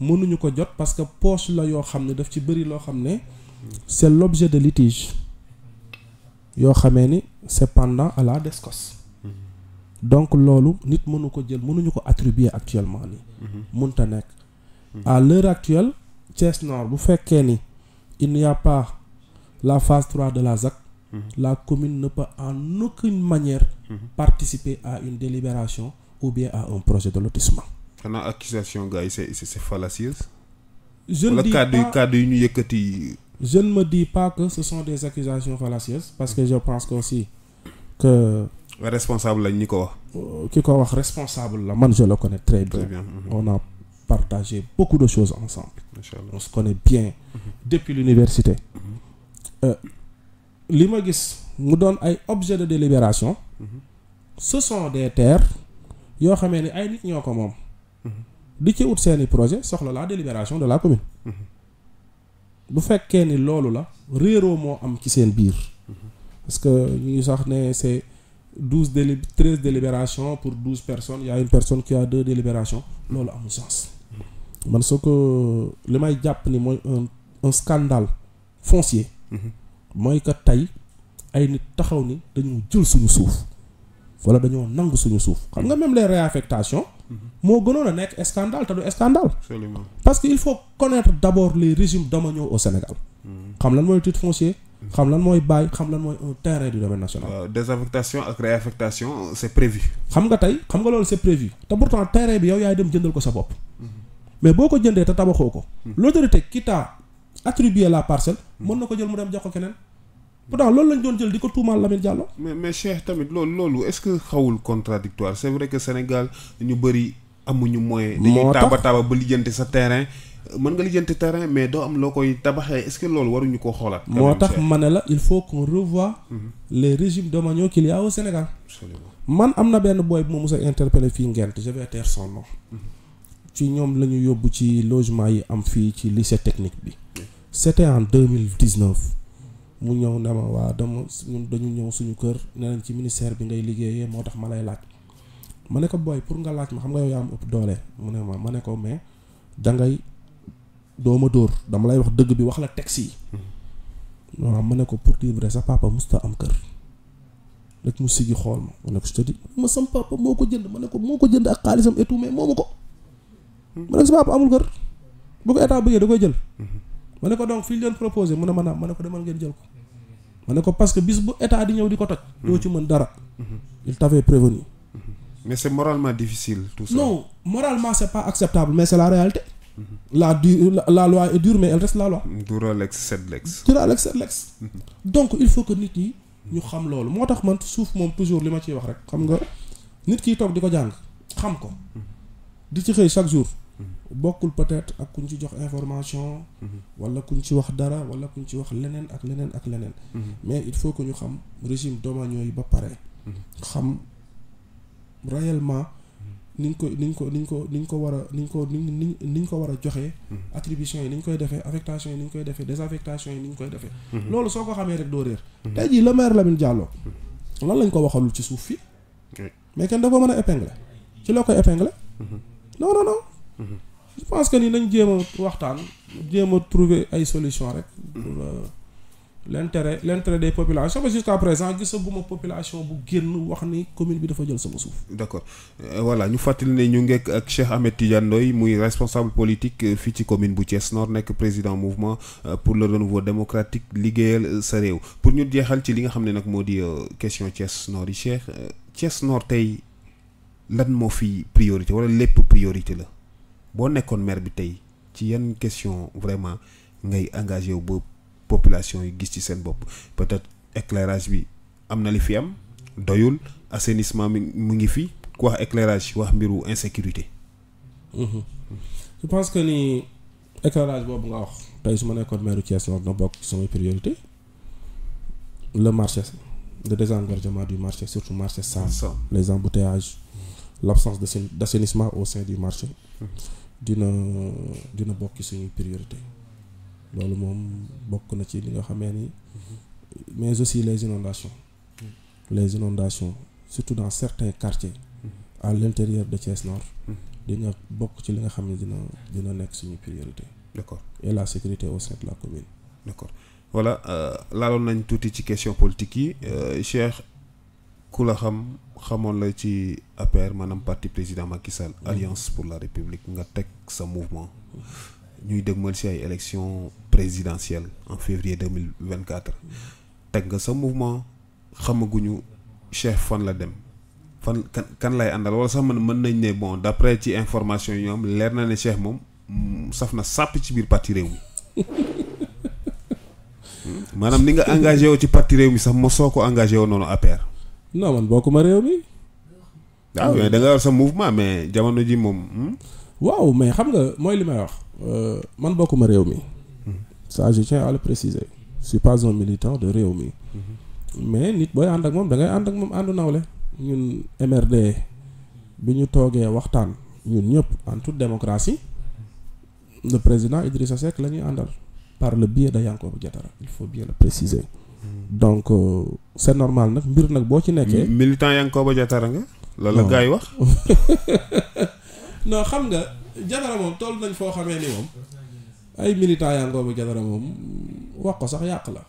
mënuñu ko jot parce que poche la yoo xam ne daf ci bëri de litige yoo xamee ni c'est pendant à la descos mm-hmm. donc loolu nit mënu ko jël mënuñu ko attribuer actuellement nii mm-hmm. munta mm-hmm. à l'heure actuelle Thiès Nord bu fekkee ni il n'y a pas la phase 3 de la ZAC la commune ne peut en aucune manière participer à une délibération ou bien à un projet de lotissement xanaa accusation gars c'est c'est fallacieuse je ne dis pas cadre ñu yëkkati je ne me dis pas que ce sont des accusations fallacieuses parce que je pense que aussi que euh, responsable la responsable je le connais très bien, mhm. on a partagé beaucoup de choses ensemble on se connaît bien depuis l'université mm nous euh, donne un objet de délibération mhm. ce sont des terres yo xamé ni ay nit ñoko mhm. ci projet soxla la délibération de la commune bu fekkee ni loolu la réeroo moo am ci seen biir parce que ñu ngi sax ne c'est douze délib treize délibérations pour douze personnes il y a une personne qui a deux délibérations loolu amul sens man soo ko li may jàpp ni mooy un un scandale foncier mooy que tey ay nit taxaw ni dañu jël suñu suuf voilà dañoo nangu suñu suuf xam nga même les réaffectations moo gënoon a nekk scandale te du scandale parce que il faut connaître d'abord les régimes domaniaux au Sénégal mm-hmm. xam lan mooy titre foncier xam lan mooy bail xam lan mooy un terrain du domaine national euh, désaffectation ak réaffectations, c'est prévu xam nga tey xam nga loolu c'est prévu te pourtant terrain bi yow yaay dem jëndal ko sa bopp mm-hmm. mais boo ko jëndee te tabaxoo ko mm-hmm. l'autorité qui t'a attribué la parcelle mën na ko jël mu dem jox ko keneen pourtant loolu lañ doon jël di ko tuumaal Lamine Diallo. mais mais Cheikh tamit loolu loolu est-ce que xawul contradictoire c'est vrai que Sénégal ñu bëri amuñu moyen. dañuy taaba taaba ba lijjanti sa terrain. mën nga lijjanti terrain mais doo am loo koy tabaxee est-ce que loolu waruñu ko xoolaat. moo tax ma ne la il faut qu'on revoie mhm. les régimes domaniaux qu'il y a au Sénégal. man am na benn booy bu ma mos a fii Ngent je vais taire son nom. Mhm. ci ñoom la ñu yóbbu ci logement yi am fii ci lycée technique bi. c'était en 2019 mu ñëw ne ma waa dama ñun dañu ñëw suñu kër ne nañ ci ministère bi ngay liggéeyee moo tax ma lay laaj ma ne ko booy pour nga laaj ma xam nga yow yaa am ëpp doole mu ne ma ma ne ko mais dangay dooma dóor dama lay wax dëgg bi wax la taxi yi hmm. waaw ma ne ko pour dire vrai sa papa musta am kër rek mu sigi xool ma ma ne ko moo ko jënd ma ne ko moo ko jënd ak xaalisam et tout mais moomu ko hmm. ma ne ko sa papa amul kër bu ko état bëggee da koy jël hmm. ma ne ko donc fii leen proposé mu ne ma naam ma ne ko demal ngeen jël ko ma ne ko parce que bis bu état di ñëw di ko toj doo ci mën dara il t'avait prévenu mais c'est moralement difficile tout ça non moralement c'est pas acceptable mais c'est la réalité la du la, la loi est dure mais elle reste la loi dura lex sed donc il faut que nit ñi ñu xam loolu moo tax man suuf moom toujours li ma ciy wax rek xam nga nit kiy toog di ko jàng xam ko di ci xëy chaque jour bokul peut-être ak kuñ ci jox information. wala kuñ ci wax dara wala kuñ ci wax leneen ak leneen ak leneen. mais il faut que ñu xam régime domaniaux yi ba pare. xam réellement niñ ko niñ ko niñ ko niñ ko war a niñ ko niñ niñ ko war a joxee. attribution yi niñ koy defee affectation yi niñ koy defee désaffectation yi niñ koy defee. loolu soo ko xamee rek doo réer. tey jii le maire Lamine Diallo. lan lañ ko waxalul ci suuf fi mais kenn da ko mën a épingler ci loo koy mhm. non non non. Mhm je pense que ni nañ jéem waxtan waxtaan trouver ay solution rek pour euh, l'intérêt des populations ba jusqu' à présent gisaguma population bu génn wax ni commune bi dafa jël sama suuf d'accord euh, voilà ñu fatil ne ñu ngek ak Cheikh Ahmed Tidiane Ndoye muy responsable politique euh, fi ci commune bu Thiès Nord nek président mouvement pour le renouveau démocratique liggéeyal sa réew pour ñu jeexal ci li nga xamné nak modi question Thiès Nord yi Cheikh Thiès Nord tay lan mo fi priorité wala lepp priorité la Bonne économie maire bi tey ci question vraiment ngay engagé wu population peut-être éclairage bi am na li fi am doyul assainissement mi ngi fi éclairage mbiru insécurité. Mhm. je pense que ni éclairage boobu nga wax tey su ma nekkoon maire Thiès na priorité le marché le désengorgement du marché surtout le marché sans les embouteillages l'absence d'assainissement au sein du marché. Mhm dina dina bokk une priorité loolu moom bokk na ci li nga xamee ni mm-hmm. mais aussi les inondations mm-hmm. les inondations surtout dans certains quartiers mm-hmm. à l'intérieur de Thiès Nord dina bokk ci li nga xam ne dina dina nekk suñu priorité d'accord et la sécurité au sein de la commune d'accord voilà euh, laaloon nañ tuuti ci question politique yi euh, Cheikh ku la xam xamoon la ci APR maanaam parti président Macky Sall mm. alliance pour la république nga teg sa mouvement ñuy dëgmal si ay élection présidentielle en février 2024 mm. teg nga sa mouvement xamaguñu chef fan la dem fan kan kan lay àndal wala sax man mën nañ ne bon d'après ci information yi leer na ne chef moom mm, saf na sàpp ci biir parti réew mi maanaam ni nga engagé woo ci parti réew mi sax mosoo ko engagé woo noonu APR non man bokkuma réew mi. waaw ah, mais da nga yor sa mouvement mais jamono ji mom hmm? waaw mais xam nga moy li may wax euh, man bokkuma réew mi. ça je tiens à le préciser. je suis pas un militant de réew mi. mais nit boy and ak mom da ngay and ak mom àndu nawle ñun MRD bi ñu toogee waxtaan ñun ñëpp en toute démocratie le président Idrissa Seck la ñuy àndal par le biais de Yanko Diattara il faut bien le préciser. donc euh, c'est normal nak mbir nak bo ci nekké militant yang ko ba jatar nga la la gay wax non xam nga jatara mom tol nañ fo xamé ni mom ay militant yang ko ba jatara mom wax ko sax yak la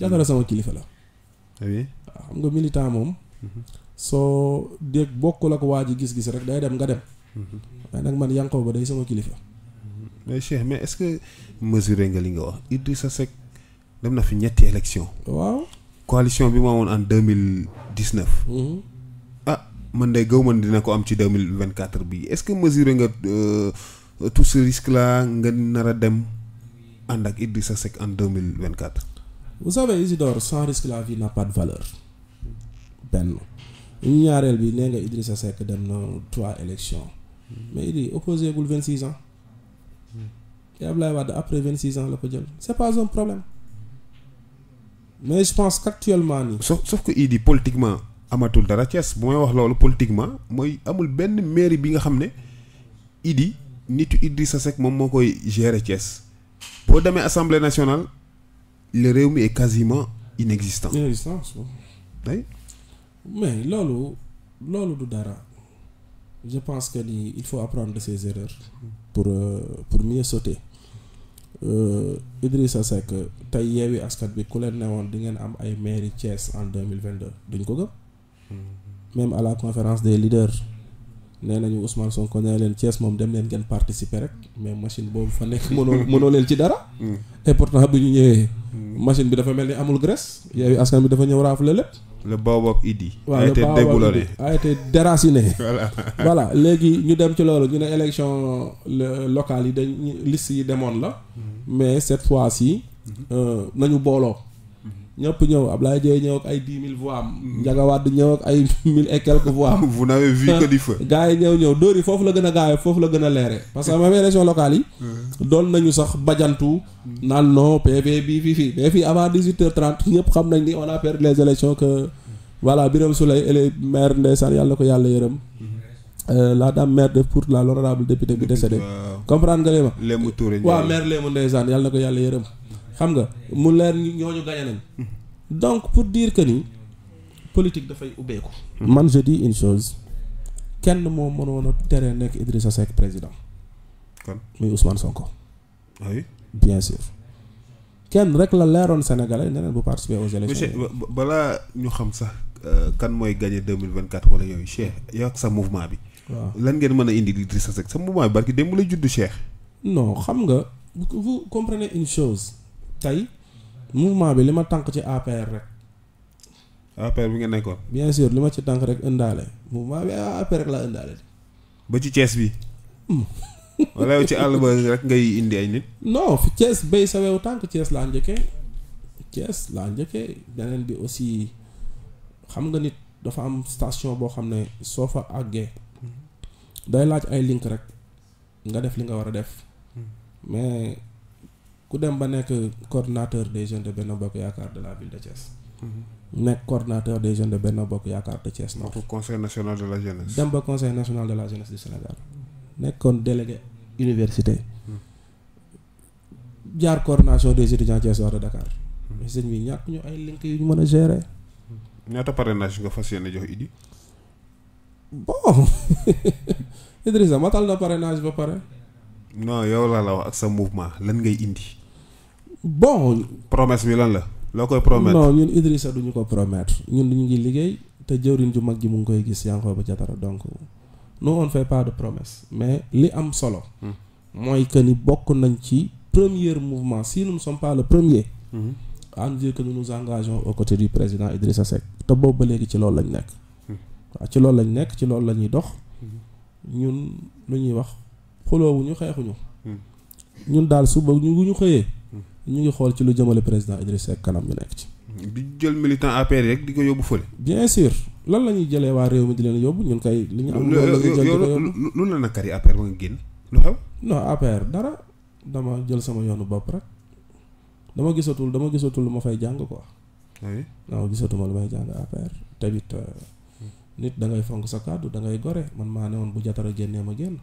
jatara sama kilifa la ah oui xam nga militant mom mhm. so deg bokku lako waji gis gis rek day dem nga dem mhm. way nak man ko ba day sama kilifa mhm. mais cheikh mais est ce que mesurer nga li nga wax idrissa sek dem na fi ñetti élection waaw coalition bi mu amoon en 2019. Mhm. ah man de gaw man dina ko am ci 2024 est ce que mesure nga euh, tout ce risque là nga nar a dem Idrissa Seck en 2024 vous savez Isidore sans risque la vie n'a pas de valeur benn. ñaareel bi nee nga Idrissa Seck dem na trois élections mais il est opposé gul 26 ans. et Ablaye Wade après 26 ans la ko jël pas un problème mais je pense qu'actuellement sauf sauf que dit politiquement amatul dara ties bu may wax que politiquement moy amul ben mairie bi nga xamné il dit nitu Idrissa Seck mom moo koy gérer ties bo démé assemblée nationale le réew est quasiment inexistant. inexistant oui. mais lolu lolu du dara je pense que ni il faut apprendre de ses erreurs pour euh, pour mieux sauter. Euh, Idrissa Seck tey yeewi askan bi ku leen newoon di ngeen am ay mairie Thiès en deux mille vingt deux duñ ko gëm. Mm-hmm. même à la conférence des leaders nee nañu Ousmane Sonko nee leen Thiès moom dem leen ngeen participer rek mais machine boobu fa nekk mënul mënoo ci dara. Mm. et bi bu ñu ñëwee. Mm. machine bi dafa mel ni amul graisse. yeewi askan bi dafa ñëw raafale lépp. le baobab Idi. a été déboulonné a été déraciné. voilà voilà léegi ñu dem ci lolu ñu né élection locale yi dañ liste yi demoon la. Mm-hmm. mais cette fois-ci. Mm-hmm. Euh, nañu bolo ñëpp ñëw Ablaye Dieye voix ak et quelques voix vous n'avez vu que du feu. Il y ñëw ñëw la a la parce que même élection locale yi. doon nañu sax bajantu. naan non PV bi mais avant 18h30, xam nañ ni on a perdu les élections que voilà Birame et les maire ndeysaan yàlla ko yàlla yërëm. Euh, la dame maire de pour l'honorable député décédé comprendre nga ma. Touré maire ko xam nga mu leer ñooñu gagné nañ donc pour dire que ni politique dafay ubbeeku. man je dis une chose kenn moo mënoon a tere nekk Idrissa Seck président. kon muy Ousmane Sonko. Ah oui bien sûr. kenn rek la leeroon Sénégalais neneen bu participer aux élections. monsieur bala ñu xam sax euh, kan mooy gagné 2024 wala yooyu Cheikh yow ak sa mouvement bi. waaw lan ngeen mën a indi Idrissa Seck sa mouvement bi barki démb la judd Cheikh. non xam nga vous comprenez une chose. tey mouvement bi li ma tànk ci APR rek. APR bi nga nekkoon. bien sûr li ma ci tànk rek ëndaale mouvement bi APR rek laa ëndaale. ba ci Thiès bi. Hmm. wala yow ci àll ba rek ngay indi ay nit. non fi Thiès sa wew tànk Thiès laa njëkkee Thiès laa njëkkee beneen bi aussi xam nga nit dafa am station boo xam ne soo fa àggee. day laaj ay link rek nga def li nga war a def hmm. ku dem ba nekk coordinateur des jeunes de Benno Bokk Yaakaar de la ville de Thiès. Mhm. nekk coordinateur des jeunes de Benno Bokk Yaakaar de Thiès Nord. donc conseil national de la jeunesse. dem ba conseil de la jeunesse du nekkoon délégué université. Mhm. jaar coordination des étudiants Thiès Nord de Dakar. Mhm. mais sëñ bi ñu ay link yu ñu mën a gérer. ñaata parrainage nga fas yéene jox Idi. bon Idrissa matal na parrainage ba pare. no yow laa ak sa mouvement lan ngay indi. bon. promesse bi lan la. loo koy promettre non ko promettre ñun ñu ngi liggéey te jëwriñ ju mag ji mu ngi koy gis yaa ngi ba jatara donc nous on fait pas de promesse mais li am solo. Hmm. mooy que ni bokk nañ ci premier mouvement si nous le premier. Hmm. à nous dire que nous nous engageons aux côtés du président te boobu ba léegi ci loolu lañ nekk. Hmm. waaw ci loolu lañ nekk ci loolu lañuy ñuy dox. ñun lu ñuy wax ñu xeexuñu. ñun daal suba ñu ñu xëyee. ñu ngi xool ci lu jëmale président Idriss Seck kanam ñu nekk ci. di jël militant APR rek di ko yóbbu fële. bien sûr lan la ñuy jëlee waa réew mi di leen yóbbu ñun kay. li ñu am loolu la ñuy jël di ko yóbbu lu ba nga génn lu xew. non APR dara dama jël sama yoonu bopp rek dama gisatul dama gisatul lu ma fay jàng quoi. oui gisatuma lu may jàng APR tamit euh, hmm. nit da ngay fonk sa kàddu da ngay gore man maa ne woon bu jatara génnee ma génn.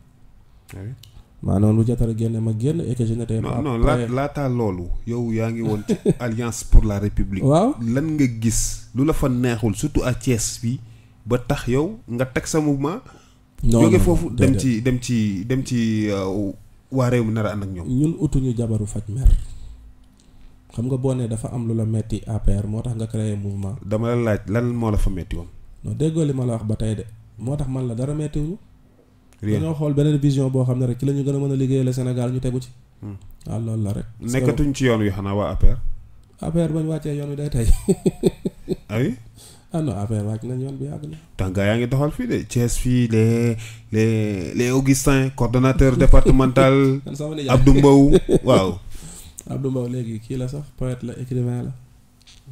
maanaam lu jotara génne ma génn et que je n'étais pas non non laataa loolu yow yaa ngi woon ci alliance pour la république waaw lan nga gis lu la fa neexul surtout à Thiès bi ba tax yow nga teg sa mouvement non jóge foofu dem ci dem ci dem euh, ci waa réew mi nar a ànd ak ñoom ñun utuñu jabaru faj mer xam nga boo ne dafa am lu la metti APR moo tax nga créé mouvement dama la laaj lan moo la fa metti woon non déggoo li ma la wax ba tey de moo tax man la dara mettiwuñu rien dañoo xool beneen vision boo xam ne rek ci lañu gën a mën a liggéeyale Sénégal ñu tegu ci. waaw hmm. ah, loolu la rek. nekkatuñ ci yoon wi xanaa waa APR. APR bañ wàccee yoon wi day tey. ay ah, ah non wàcc nañ yoon bi yàgg na. tàngaa yaa ngi doxal fii de Thiès fii les les les Augustins coordonnateur départemental. Abdou Mbow waaw. du Mbow léegi kii la sax poète la écrivain la.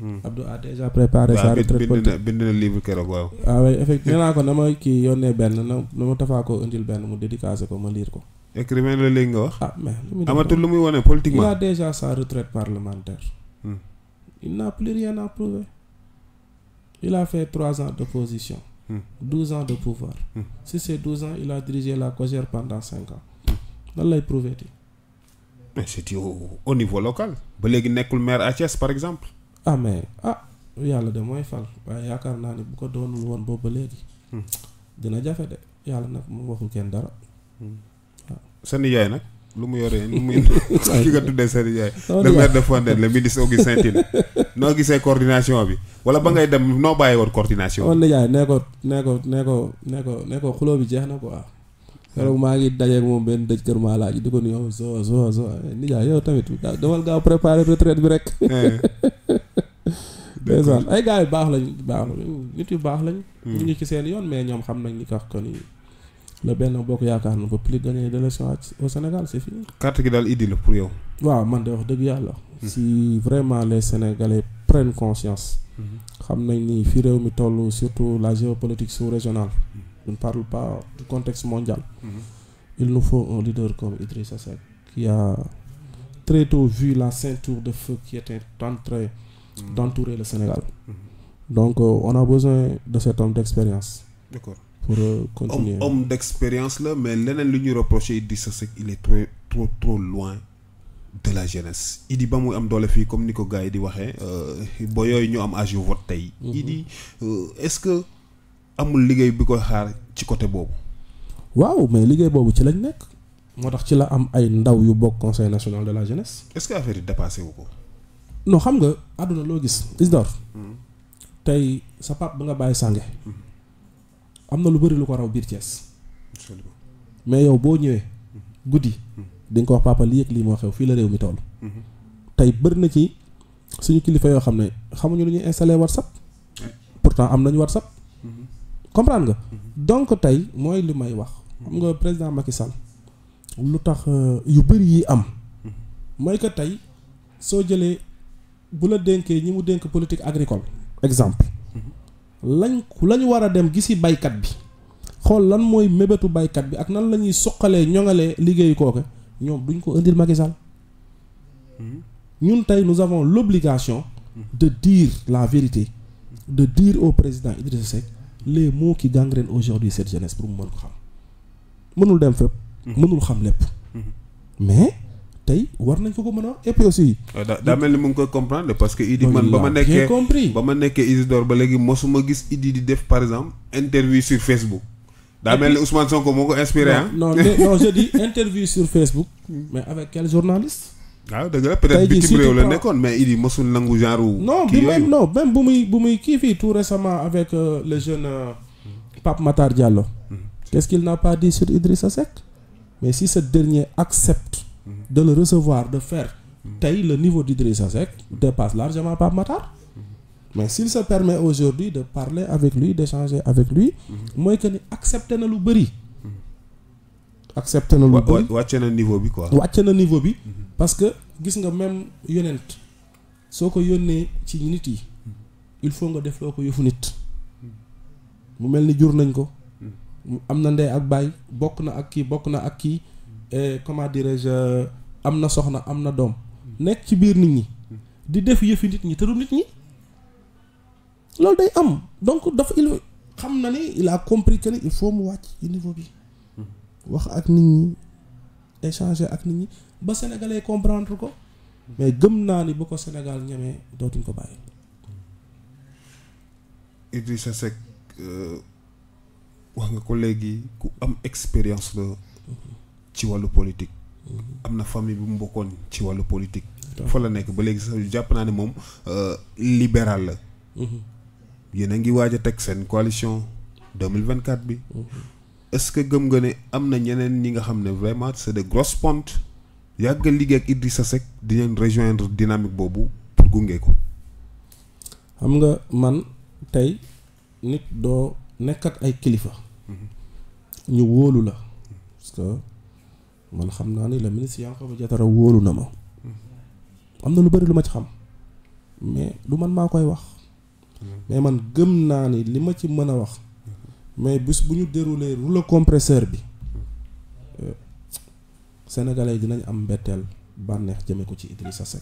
Hmm. Abdou a déjà préparé sa retraite politique bind na livre keroog waaw. waaw ah effectivement nee naa ko na ma kii yónnee benn na na ma tafaa ko indil benn mu dédicacé ko ma lire ko. écrivain la léegi nga wax. ah mais amatul lu muy wane politiquement. il a déjà sa retraite parlementaire. Hmm. il n'a plus rien à prouver. Il a fait trois ans d'opposition, mmh. 12 ans de pouvoir. Mmh. Si ces 12 ans, il a dirigé la COGER pendant 5 ans. Dans hmm. les prouvé Mais c'était au, au, niveau local. ba Vous le maire à Thiès, par exemple. ah mais ah yàlla de mooy fal waaye yaakaar naa ni bu ko doonul woon boobu ba léegi. Hmm. dina jafe de yàlla nag mu waxul kenn dara. Hmm. Ah. sa nijaay nag. lu mu yoree lu mu ki nga tuddee Serigne Ndiaye le maire de Fandène le ministre Augustin Tine noo gisee coordination bi wala ba ngay dem noo bàyyi woon coordination bi. woon na jaay nee ko nee ko nee ko nee ko xuloo bi jeex na quoi. alors maa ngi dajeeg moom benn dëj kër maa laaj di ko nuyoo so so so nijaay yow tamit damal ga préparer retraite bi rek. Eh. ndeysaan ay gars yu baax lañ baax nit yu baax lañ. Hmm. ñu ngi ci seen yoon mais ñom xam nañ ni kax ko ni le benn bokk yaakaar na ko plus gagné de l'élection au Sénégal c'est fini. carte gi dal iddi la pour yow. waaw man de wax dëgg yàlla. Hmm. si vraiment les Sénégalais prennent conscience. Hmm. xam nañ ni fi réew mi toll surtout la géopolitique sous-régionale je ne parle pas du contexte mondial. Mhm. Il nous faut un leader comme Idrissa Seck qui a très tôt vu la ceinture de feu qui était en train mhm. d'entourer le Sénégal. Mhm. Donc euh, on a besoin de cet homme d'expérience. D'accord. Pour euh, continuer. Homme, d'expérience là, mais l'un lui reproche Idrissa Seck, il est trop trop trop loin de la jeunesse Il dit, moi, am doole comme Nico il dit yi di il euh, boo ñu am âge vote est-ce que amul liggéey bi ko xaar ci côté boobu waaw mais liggéey boobu ci lañ nekk ci la am ay ndaw yu bok conseil national de la jeunesse est ce que affaire dépassé wu ko non xam nga aduna lo gis isdor hmm. tay sa pap ba nga baye sangé hmm. amna lu bari lu ko raw bir ties mais yow bo ñewé hmm. goudi di nga wax papa li ak li mo xew fi la rew mi tollu tay bër na ci suñu kilifa yo xamne xamuñu lu ñuy installer whatsapp pourtant am nañu whatsapp comprendre nga. donc tay moy li may wax. xam nga président Macky Sall lu tax euh, yu bëri yi am. mooy que tay so jëlee bu la denké ñi mu denk politique agricole exemple. lañ lañ wara dem gisi baykat bi xol lan moy mébétu baykat bi ak nan la ñuy ñongalé ñoŋalee liggéeyu ñom duñ ko andir Macky Sall ñun tay nous avons l'obligation de dire la vérité de dire au président Idriss Seck les mots qui gangrènent aujourd'hui cette jeunesse pour moi. Je ne xam mënul dem mhm. mënul xam mhm. mais tu et puis aussi. Euh, comprendre parce que. ba par exemple interview sur Facebook. da Ousmane Sonko inspiré hein? non je dis interview sur Facebook. Hmm. mais avec quel journaliste. Ah, dëgg peut-être bitim réew la nekkoon mais il mosul nangu genre. non même non même bu muy tout récemment avec euh, le jeune euh, Pape Matar Diallo. Hmm. qu'est-ce qu'il n'a pas dit sur Idrissa sek mais si ce dernier accepte. Hmm. de le recevoir de faire. Hmm. tey le niveau d'Idrissa il dépasse largement Pape Matar. mais s'il se permet aujourd'hui de parler avec lui d'échanger avec lui. moi que ni accepté na lu accepté na lu bëri wàcce na niveau bi quoi. wàcce na niveau bi mhm. parce que gis nga même yonent soo ko yónnee ci nit yi il faut nga def loo ko yëfu nit mhm. mu mel ni jur nañ ko mhm. am na ndey ak baay bokk na ak kii bokk na ak kii eh, comment dirais-je am na soxna am na doom nekk ci biir nit ñi di def yëfi nit ñi tëru nit ñi loolu day am donc dafa il xam na ni il a compris que il faut mu wàcc ci niveau bi wax ak nit ñi échanger ak nit ñi ba sénégalais comprendre ko mais gëm naa ni bu ko Sénégal ñemee dootuñ ko bàyyi. Idrissa Seck euh, wax nga ko léegi ku am expérience la ci wàllu politique. am na famille bu mu bokkoon ci wàllu politique. fa la nekk ba léegi sax jàpp naa ne moom euh, libéral la. Mhm. yéen a ngi waaj a teg seen coalition deux mille vingt quatre bi. Mhm. est-ce que gëm nga ne am na ñeneen ñi nga xam ne vraiment c'est des grosses pontes yàgg liggéey ak Idrissa di leen rejoindre dynamique boobu pour gunge ko. xam nga man tey nit doo nekkat ay kilifa. Mm-hmm. ñu wóolu la. parce man xam naa ni le ministre Yankhoba Diattara na ma. Mm-hmm. na lu bari lu ci xam. mais du man koy wax. Mm-hmm. mais man gëm naa ni li ma ci mën a wax. mais bés bu ñu déroulé rouleau compresseur bi euh, sénégalais yi dinañ am mbetteel bànneex jëme ko ci sa Seck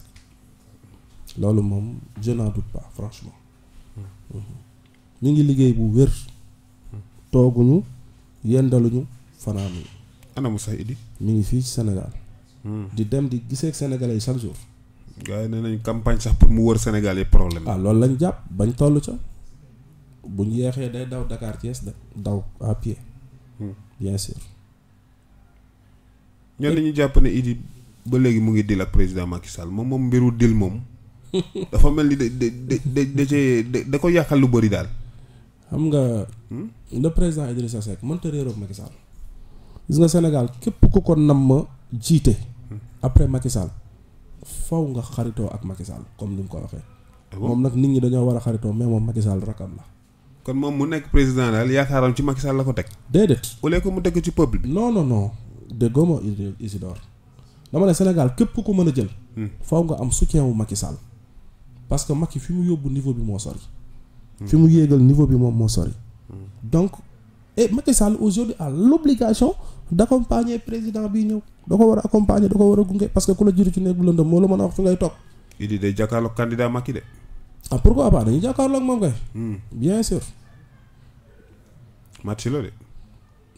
loolu moom je n'en doute pas franchement hmm. ñu ngi liggéey bu wér hmm. tooguñu yendaluñu fanaanuñu ana Moussa Idi mi ngi fii ci Sénégal hmm. di dem di gisee ak sénégalais yi chaque jour gars nee nañ campagne sax pour mu wër Sénégal problème ah loolu lañ jàpp bañ toll ca bu ñu yeexee day daw dakaar Thiès da daw à pied. Hmm. bien sûr. ñenn ñi jàpp ne Idi ba léegi mu ngi dil ak président Macky Sall moom moom mbiru dil moom dafa mel ni da da da da ko yàqal lu bari daal. xam nga. nga hmm? président sa Seck mënta réeroog Macky Sall. gis nga Sénégal képp ku ko namm jiite. Hmm. après Macky Sall faw nga xaritoo ak Macky comme ni mu ko waxee. Ah moom nag nit ñi dañoo war a xaritoo mais moom Macky Sall rakam la. kon moom mu nekk président daal yaakaaram ci Macky Sall la ko teg. déedéet. au ko mu teg ci peuple bi. non non non déggoo ma Isidore dama ne Sénégal képp ku mën a jël. Hmm. faw nga am soutien wu Macky Sall. parce que Macky fi mu yóbbu niveau bi moo sori. Hmm. fi mu yéegal niveau bi moom moo sori. Hmm. donc et Macky Sall aujourd'hui a l'obligation d' accompagner président bi ñëw da ko war a accompagner da ko war a gunge parce que ku la jiitu ci néeg bu lëndëm moo la mën a wax fi ngay toog. Idi de jàkkaarloog candidat Macky de. ah pourquoi pas dañu dañuy jàkkaarloog moom kay. bien sûr. match la de.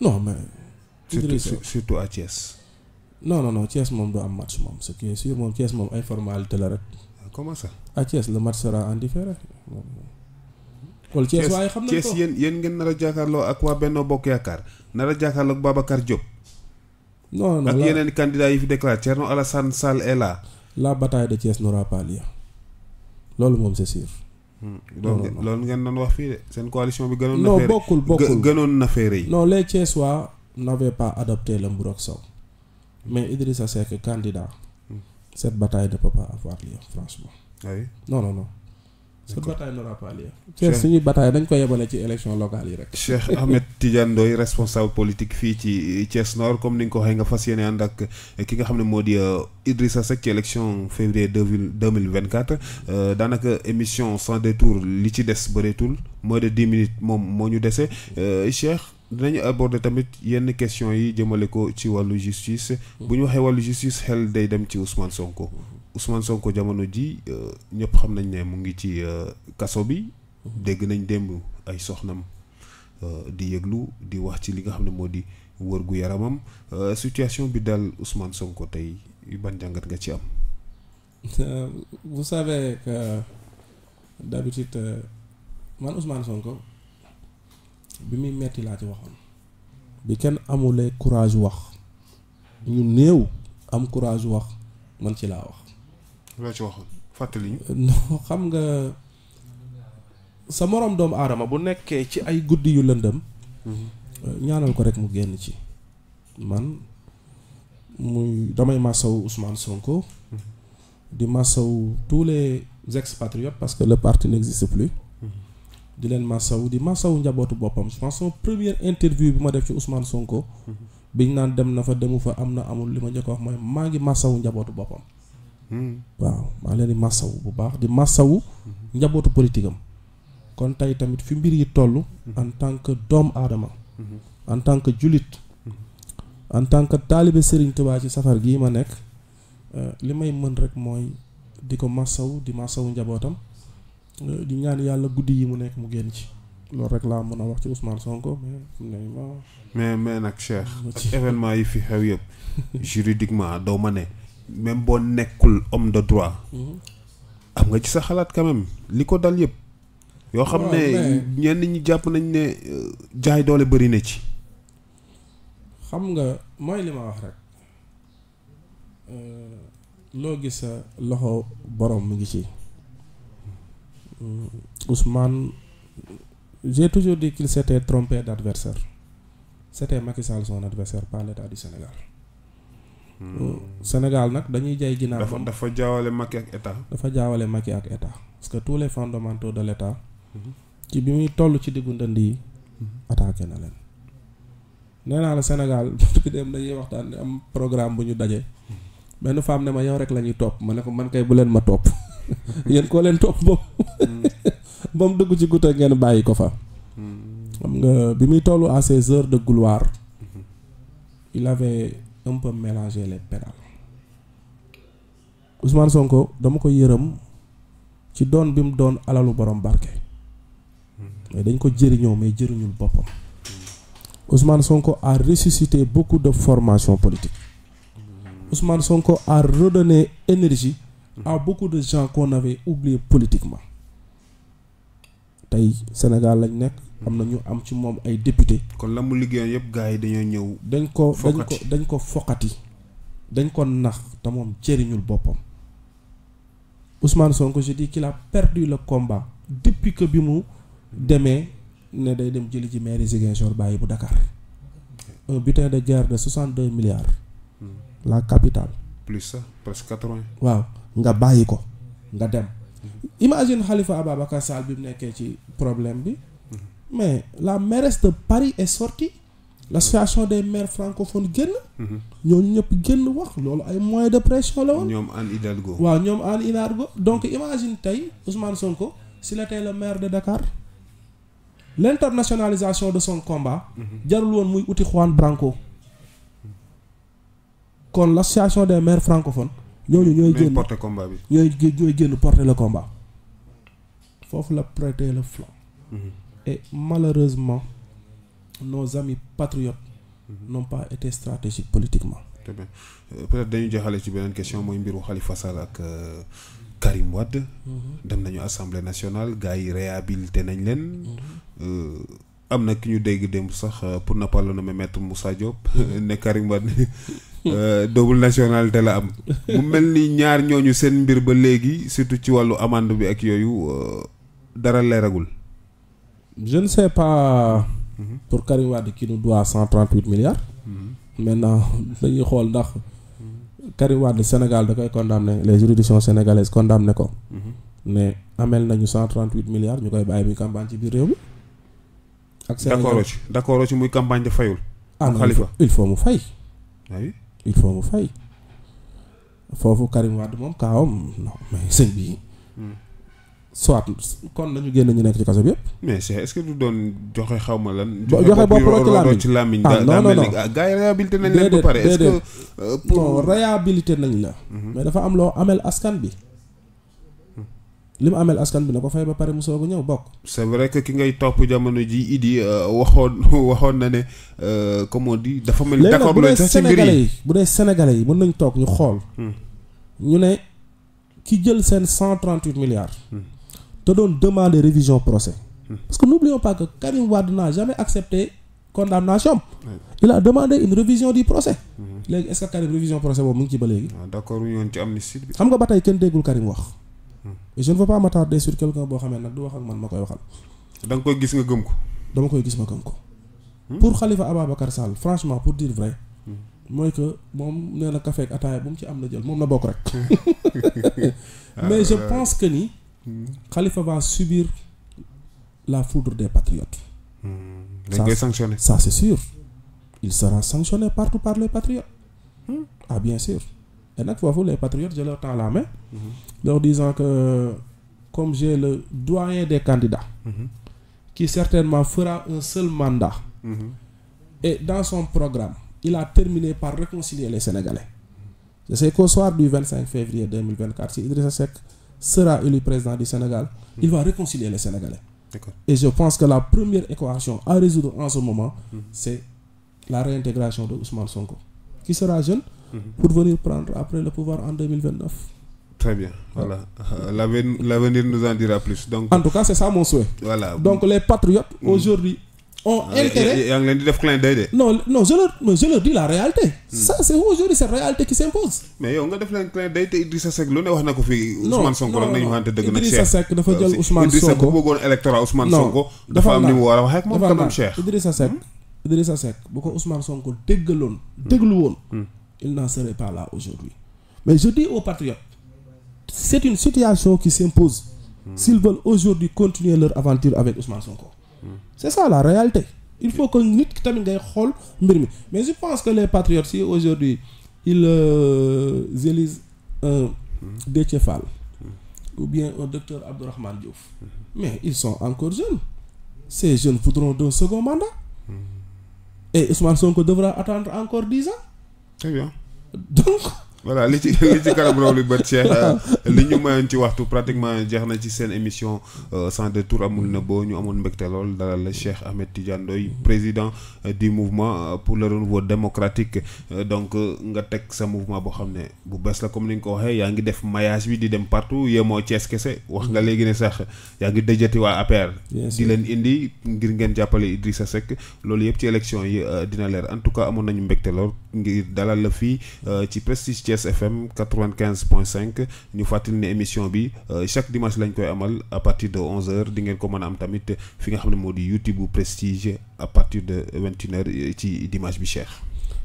non mais. Idrissa surtout surtout à Thiès. non non non Thiès moom du am match moom ce qui est sûr moom Thiès moom ay formalité la rek. comment ça. à Thiès le match sera en différé. kol Thiès waaye xam nañ ko Thiès yéen yéen ngeen nar a jàkkaarloo ak waa Benno Bokk Yaakaar nar a jàkkaarloo ak Babacar Diop. non non ak yeneen candidat yi fi déclaré Thierno Alassane Sall est là. la bataille de Thiès n'aura pas lieu. Ya. loolu moom c'est sûr. Hmm. donc loolu ngeen doon wax fii de seen coalition bi gënoon. non bokkul bokkul gënoon na fee non les Thiessois n'avaient pas adopté le Mburok hmm. mais Idrissa Seck candidat. Hmm. cette bataille ne peut pas avoir lieu franchement. Ah non non non cette bataille n'aura pas lieu. Cheikh suñuy bataille dañ ko yebale ci élection locale yi rek. Cheikh Ahmed Tidiane Ndoye responsable politique fii ci Thiès Nord comme ni nga ko waxee nga fas yéene ànd ak ki nga xam ne moo di euh, Idrissa Seck ci élection février deux mille vingt quatre euh, daanaka émission sans détour li ci des bëreetul moins de dix minutes moom moo ñu dese euh, Cheikh. dinañu aborder tamit yenn question yi jëmale ko ci wàllu justice mm-hmm. bu ñu waxee wàllu justice xel day dem ci Ousmane Sonko Ousmane Sonko jamono ji euh, ñëpp xam nañ ne mu ngi ci euh, kasso bi dégg nañ démb ay soxnam euh, di yëglu di wax ci li nga xam ne di wër gu yaramam situation bi dal Ousmane Sonko tey ban jàngat nga ci am vous savez que d'habitude man Ousmane Sonko bi muy metti laa ci waxoon bi kenn amulee courage wax ñu néew am courage wax man ci laa wax loo ci fàttali ñu. xam nga sa moroom doomu aadama bu nekkee ci ay guddi yu lëndëm. Mhm. ñaanal ko rek mu génn ci. man muy damay masaw Ousmane Sonko. Mhm. di masaw tous les expatriotes parce que le parti n'existe plus. Mhm. di leen masaw di masaw njabootu boppam je pense sama première interview bi ma def ci Ousmane Sonko. biñ naan dem na fa demu fa am na amul li ma njëkk wax mooy maa ngi masawu njabootu boppam. waaw maa leen di massawu bu baax di massawu njabootu politique am kon tey tamit fi mbir yi toll en tant que doom aadama en tant que julit en tant que taalibe Serigne Touba ci safar gii ma nekk euh, li may mën rek mooy di ko massaw di massawu njabootam euh, di ñaan yàlla guddi yi mu nekk mu génn ci loolu rek laa mën a wax ci Ousmane Sonko mais mais mais nag Cheikh événement yi fi xew yëpp juridiquement doo ma ne même boo nekkul homme de droit. am nga ci sa xalaat quand li ko dal yëpp. yoo xam ne ñenn ñi jàpp nañ ne euh, jaay doole bari na ci. xam nga mooy li ma wax rek. Euh, loo gis sa loxo borom mu ngi ci. Hmm, Ousmane j'ai toujours dit qu'il s'était trompé d'adversaire. C'était Macky Sall son adversaire, pas l'État du Sénégal. Hmm. Senegal nak, dañuy jay ginaaw dafa dafa jawale maki ak état. dafa jawale maki ak état parce que tous les fondamentaux de l'état hmm. ci bi muy tollu ci digu ndënd yi. Hmm. attaqué na len néna la Sénégal bi dem dañuy waxtaan am programme bu ñu dajé benn femme ne ma yow rek lañuy top mané ma ko man kay bu len ma top yeen ko len top boobu. bam dugg ci guddi ngeen bayiko fa. xam nga bi muy tollu à ses heures de gloire. il avait. un peu mélanger les pédales Ousmane Sonko dama ko donne ci doon bim mu doon alalu borom barke. mais dañ ko jëriñoo mais jëriñul bopam Ousmane Sonko a ressuscité beaucoup de formations politiques. Ousmane Sonko a redonné énergie à beaucoup de gens qu'on avait oubliés politiquement. tay Sénégal lañ am na ñu am ci moom ay député. kon la mu liggéeyoon yëpp gars yi dañoo ñëw. dañ ko dañ ko dañ ko foqati dañ ko nax te moom jëriñul boppam Ousmane Sonko je dis qu'il a perdu le combat depuis que bi mu demee ne day dem jëli ci Ziguin Ziguinchor Baye bu Dakar un butin de guerre de 62 milliards hmm. la capitale plus ça presque 80 waaw nga bàyyi ko nga dem imagine Khalifa Ababacar Sall bi mu nekkee ci problème bi mais la mairesse de Paris est sortie l'association des maires francophones est sortie. ils ont wax ay moyens de pression Ils ont ñoom Anne Hidalgo Anne Hidalgo donc imagine Ousmane Sonko s'il était le maire de Dakar l'internationalisation de son combat mhm. jarul woon muy uti Juan Branco kon l'association des maires francophones ils ont génn porter combat bi ñooy porter le combat Il la prêter le flanc mhm. Et malheureusement, nos amis patriotes mhm. n'ont pas été stratégiques politiquement. Très bien. Euh, peut-être dañu jaxale ci beneen question mooy mbiru Khalifa Sall ak euh, Karim Wade. Mhm. dem nañu assemblée nationale gars réhabilité nañ leen. Mhm. Euh, am na ki ñu dégg dem sax pour ne pas le nommer maître Moussa Diop né Karim Wade double nationalité la am. mu melni ni ñaar ñoñu seen mbir ba légui surtout ci walu amande bi ak yooyu dara leeragul. Je ne sais pas pour Karim Wade qui nous doit 138 milliards. Maintenant, dañuy xool ndax Karim Wade Sénégal les juridictions sénégalaises condamnent ko. mais amel a 138 milliards nous koy faire une campagne ci d'accord je d'accord ci muy campagne de fayul. ah il faut que fay. Ah oui il faut que fay. foofu Karim Wade non mais c'est bi. Hmm. soit kon nañu génn ñu nekk ci kaso bi yëpp. mais c' est ce que du doon joxe xaw ma lan. joxe bopp rek ci làmmiñ ah non non non ah, gars yi réhabilité nañ leen ba pare est ce que. Euh, pour non nañ la. Mhm. mais dafa am loo amel askan bi. lim amel askan bi na ko fay ba pare mu soog ñëw bokk. c' est vrai que ki ngay topp jamono ji idi euh, waxoon waxoon na ne euh, comme on dit dafa mel. d' accord loolu ci mbir yi bu dee sénégalais yi mën nañ toog ñu xool. Hmm. ñu ne ki jël seen cent trente huit milliards. Hmm. te doon demander révision procès parce que n'oublions pas que Karim Ouad n'a jamais accepté condamnation il a demandé une révision du procès est-ce que Karim révision procès révision mu procès pour ah, d'accord ci amnistie bi Ça me ba tey Karim hmm. et je ne veux pas m'attarder sur quelqu'un qui a nag du wax ak man ma koy waxal koy gis nga gëm hmm? pour Khalifa Ababakar Sall franchement pour dire vrai hmm. moi, que suis nee café ak ataaya bu mu ci am na mais je ah, pense que ni Hmm. Khalifa va subir la foudre des patriotes. Hmm. Ça, sanctionné. Ça, c'est sûr. Il sera sanctionné partout par les patriotes. Hmm. Ah, bien sûr. Et là, fois, vous, les patriotes, je leur tends la main, leur disant que comme j'ai le doyen des candidats, qui certainement fera un seul mandat, et dans son programme, il a terminé par réconcilier les Sénégalais. Je sais qu'au soir du 25 février 2024, si Idrissa Seck sera élu président du Sénégal, il hmm. va réconcilier les Sénégalais. Et je pense que la première équation à résoudre en ce moment, hmm. c'est la réintégration de Ousmane Sonko, qui sera jeune hmm. pour venir prendre après le pouvoir en 2029. Très bien, voilà. Euh, l'avenir nous en dira plus. Donc... En tout cas, c'est ça mon souhait. Voilà. Donc les patriotes, aujourd'hui, ont oh, ah, intérêt. Et, et, non, non je, leur, mais je leur dis la réalité. Hmm. Ça, c'est aujourd'hui, c'est la réalité qui s'impose. Mais yow nga def leen clin d'œil te Idrissa Seck lu ne wax na Ousmane Sonko nag nañu waxante dëgg nag. Idrissa Seck dafa jël Ousmane Sonko Idrissa Seck bu bëggoon électorat Ousmane Sonko. dafa am ni mu war a wax ak moom kanam Cheikh. Idrissa Seck hmm? Idrissa Seck bu ko Ousmane Sonko déggaloon déglu hmm. il n'en serait pas là aujourd'hui mais je dis aux patriotes c'est une situation qui s'impose. s'ils veulent aujourd'hui continuer leur aventure avec Ousmane Sonko c'est ça la réalité il faut que nous, ki mais je pense que les patriotes aujourd'hui ils euh, élisent un Déthié ou bien un docteur Abdourahmane Diouf mais ils sont encore jeunes ces jeunes voudront d'un second mandat et Ousmane Sonko devra attendre encore 10 ans très bien donc voilà li ci li ci kanam raw li Cheikh euh, li ñu mayoon ci waxtu pratiquement jeex na ci seen émission euh, sans détour amul na boo ñu amoon mbégte lool dalal la Cheikh Ahmed Tidiane Ndoye président euh, du mouvement pour le renouveau démocratique donc nga teg sa mouvement boo xam ne bu bees la comme ni nga ko waxee yaa ngi def maillage bi di dem partout yemoo Thiès kese wax nga léegi ne sax yaa ngi dëjati waa APR di leen indi ngir ngeen jàppale Idrissa Seck loolu yëpp ci élection yi dina leer en tout cas amoon nañu mbégte lool ngir dalal la fii euh, ci Prestige Thiès FM 95.5 ñu fàttali une émission bi euh, chaque dimanche lañ koy amal à partir de 11h di ngeen ko mën am tamit fi nga modi YouTube ou Prestige à partir de 21h euh, ci dimanche bi Cheikh.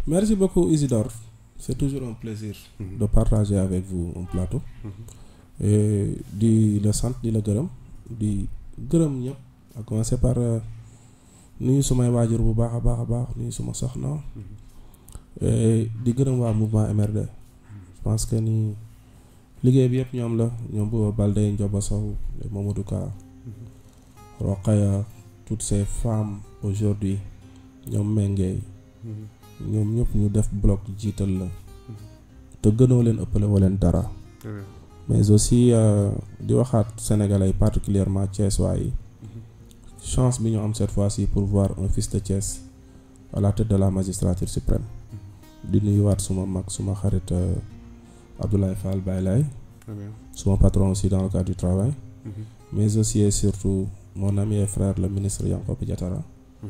merci beaucoup Isidore c'est toujours un plaisir. Mhm. de partager avec vous un plateau. Mhm. et di la sant di la gërëm di gërëm ñep à commencer par nuyu sumay wajur bu baax a baax a baax nuyu suma soxna. Mhm. Euh, di gërëm waa mouvement MRD je pense que ni liggéey bi yëpp ñoom la ñoom bu Baldé Ndioba Sow Mamadou Ka mhm. Rokhaya toutes ces femmes aujourd'hui ñoom méngéey mhm. ñoom ñëpp ñu def bloc jiital la mhm. te gënoo leen ëppale woo leen dara mais aussi euh, di waxaat sénégalais yi particulièrement thiessois yi chance bi ñu am cette fois-ci pour voir un fils de Thiès à la tête de la magistrature suprême di nuyuwaat suma mag suma xarit euh, Abdoulaye Fall Bailaye, son patron aussi dans le cadre du travail mhm. mais aussi et surtout mon ami et frère le ministre Yankhoba Diattara mhm.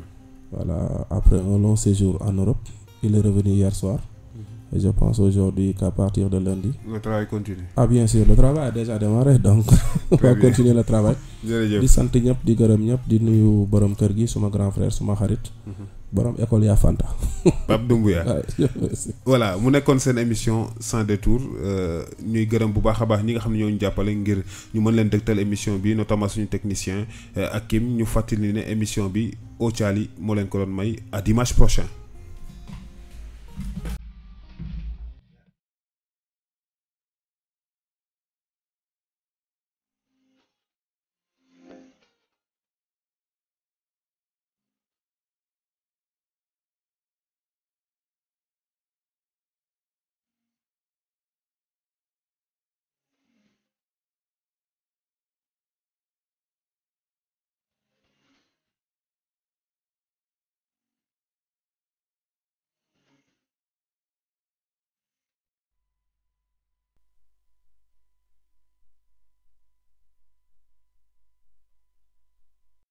voilà après un long séjour en Europe il est revenu hier soir mhm. et je pense aujourd'hui qu'à partir de lundi. Le travail continue. Ah bien sûr, le travail a déjà démarré donc on va continuer le travail. jërëjëf di sant ñëpp di gërëm ñëpp di nuyu borom kër gi suma grand frère suma xarit borom école ya Fanta. Pape ya voilà mu nekkoon sen émission sans détour euh ñuy gërëm bu baax baax ñi nga xam ñoo ñu jàppale ngir ñu mën leen dëgtal émission bi notamment suñu technicien euh, akim ñu fàttali ne émission bi Ocaali mo leen ko doon may à dimanche prochain.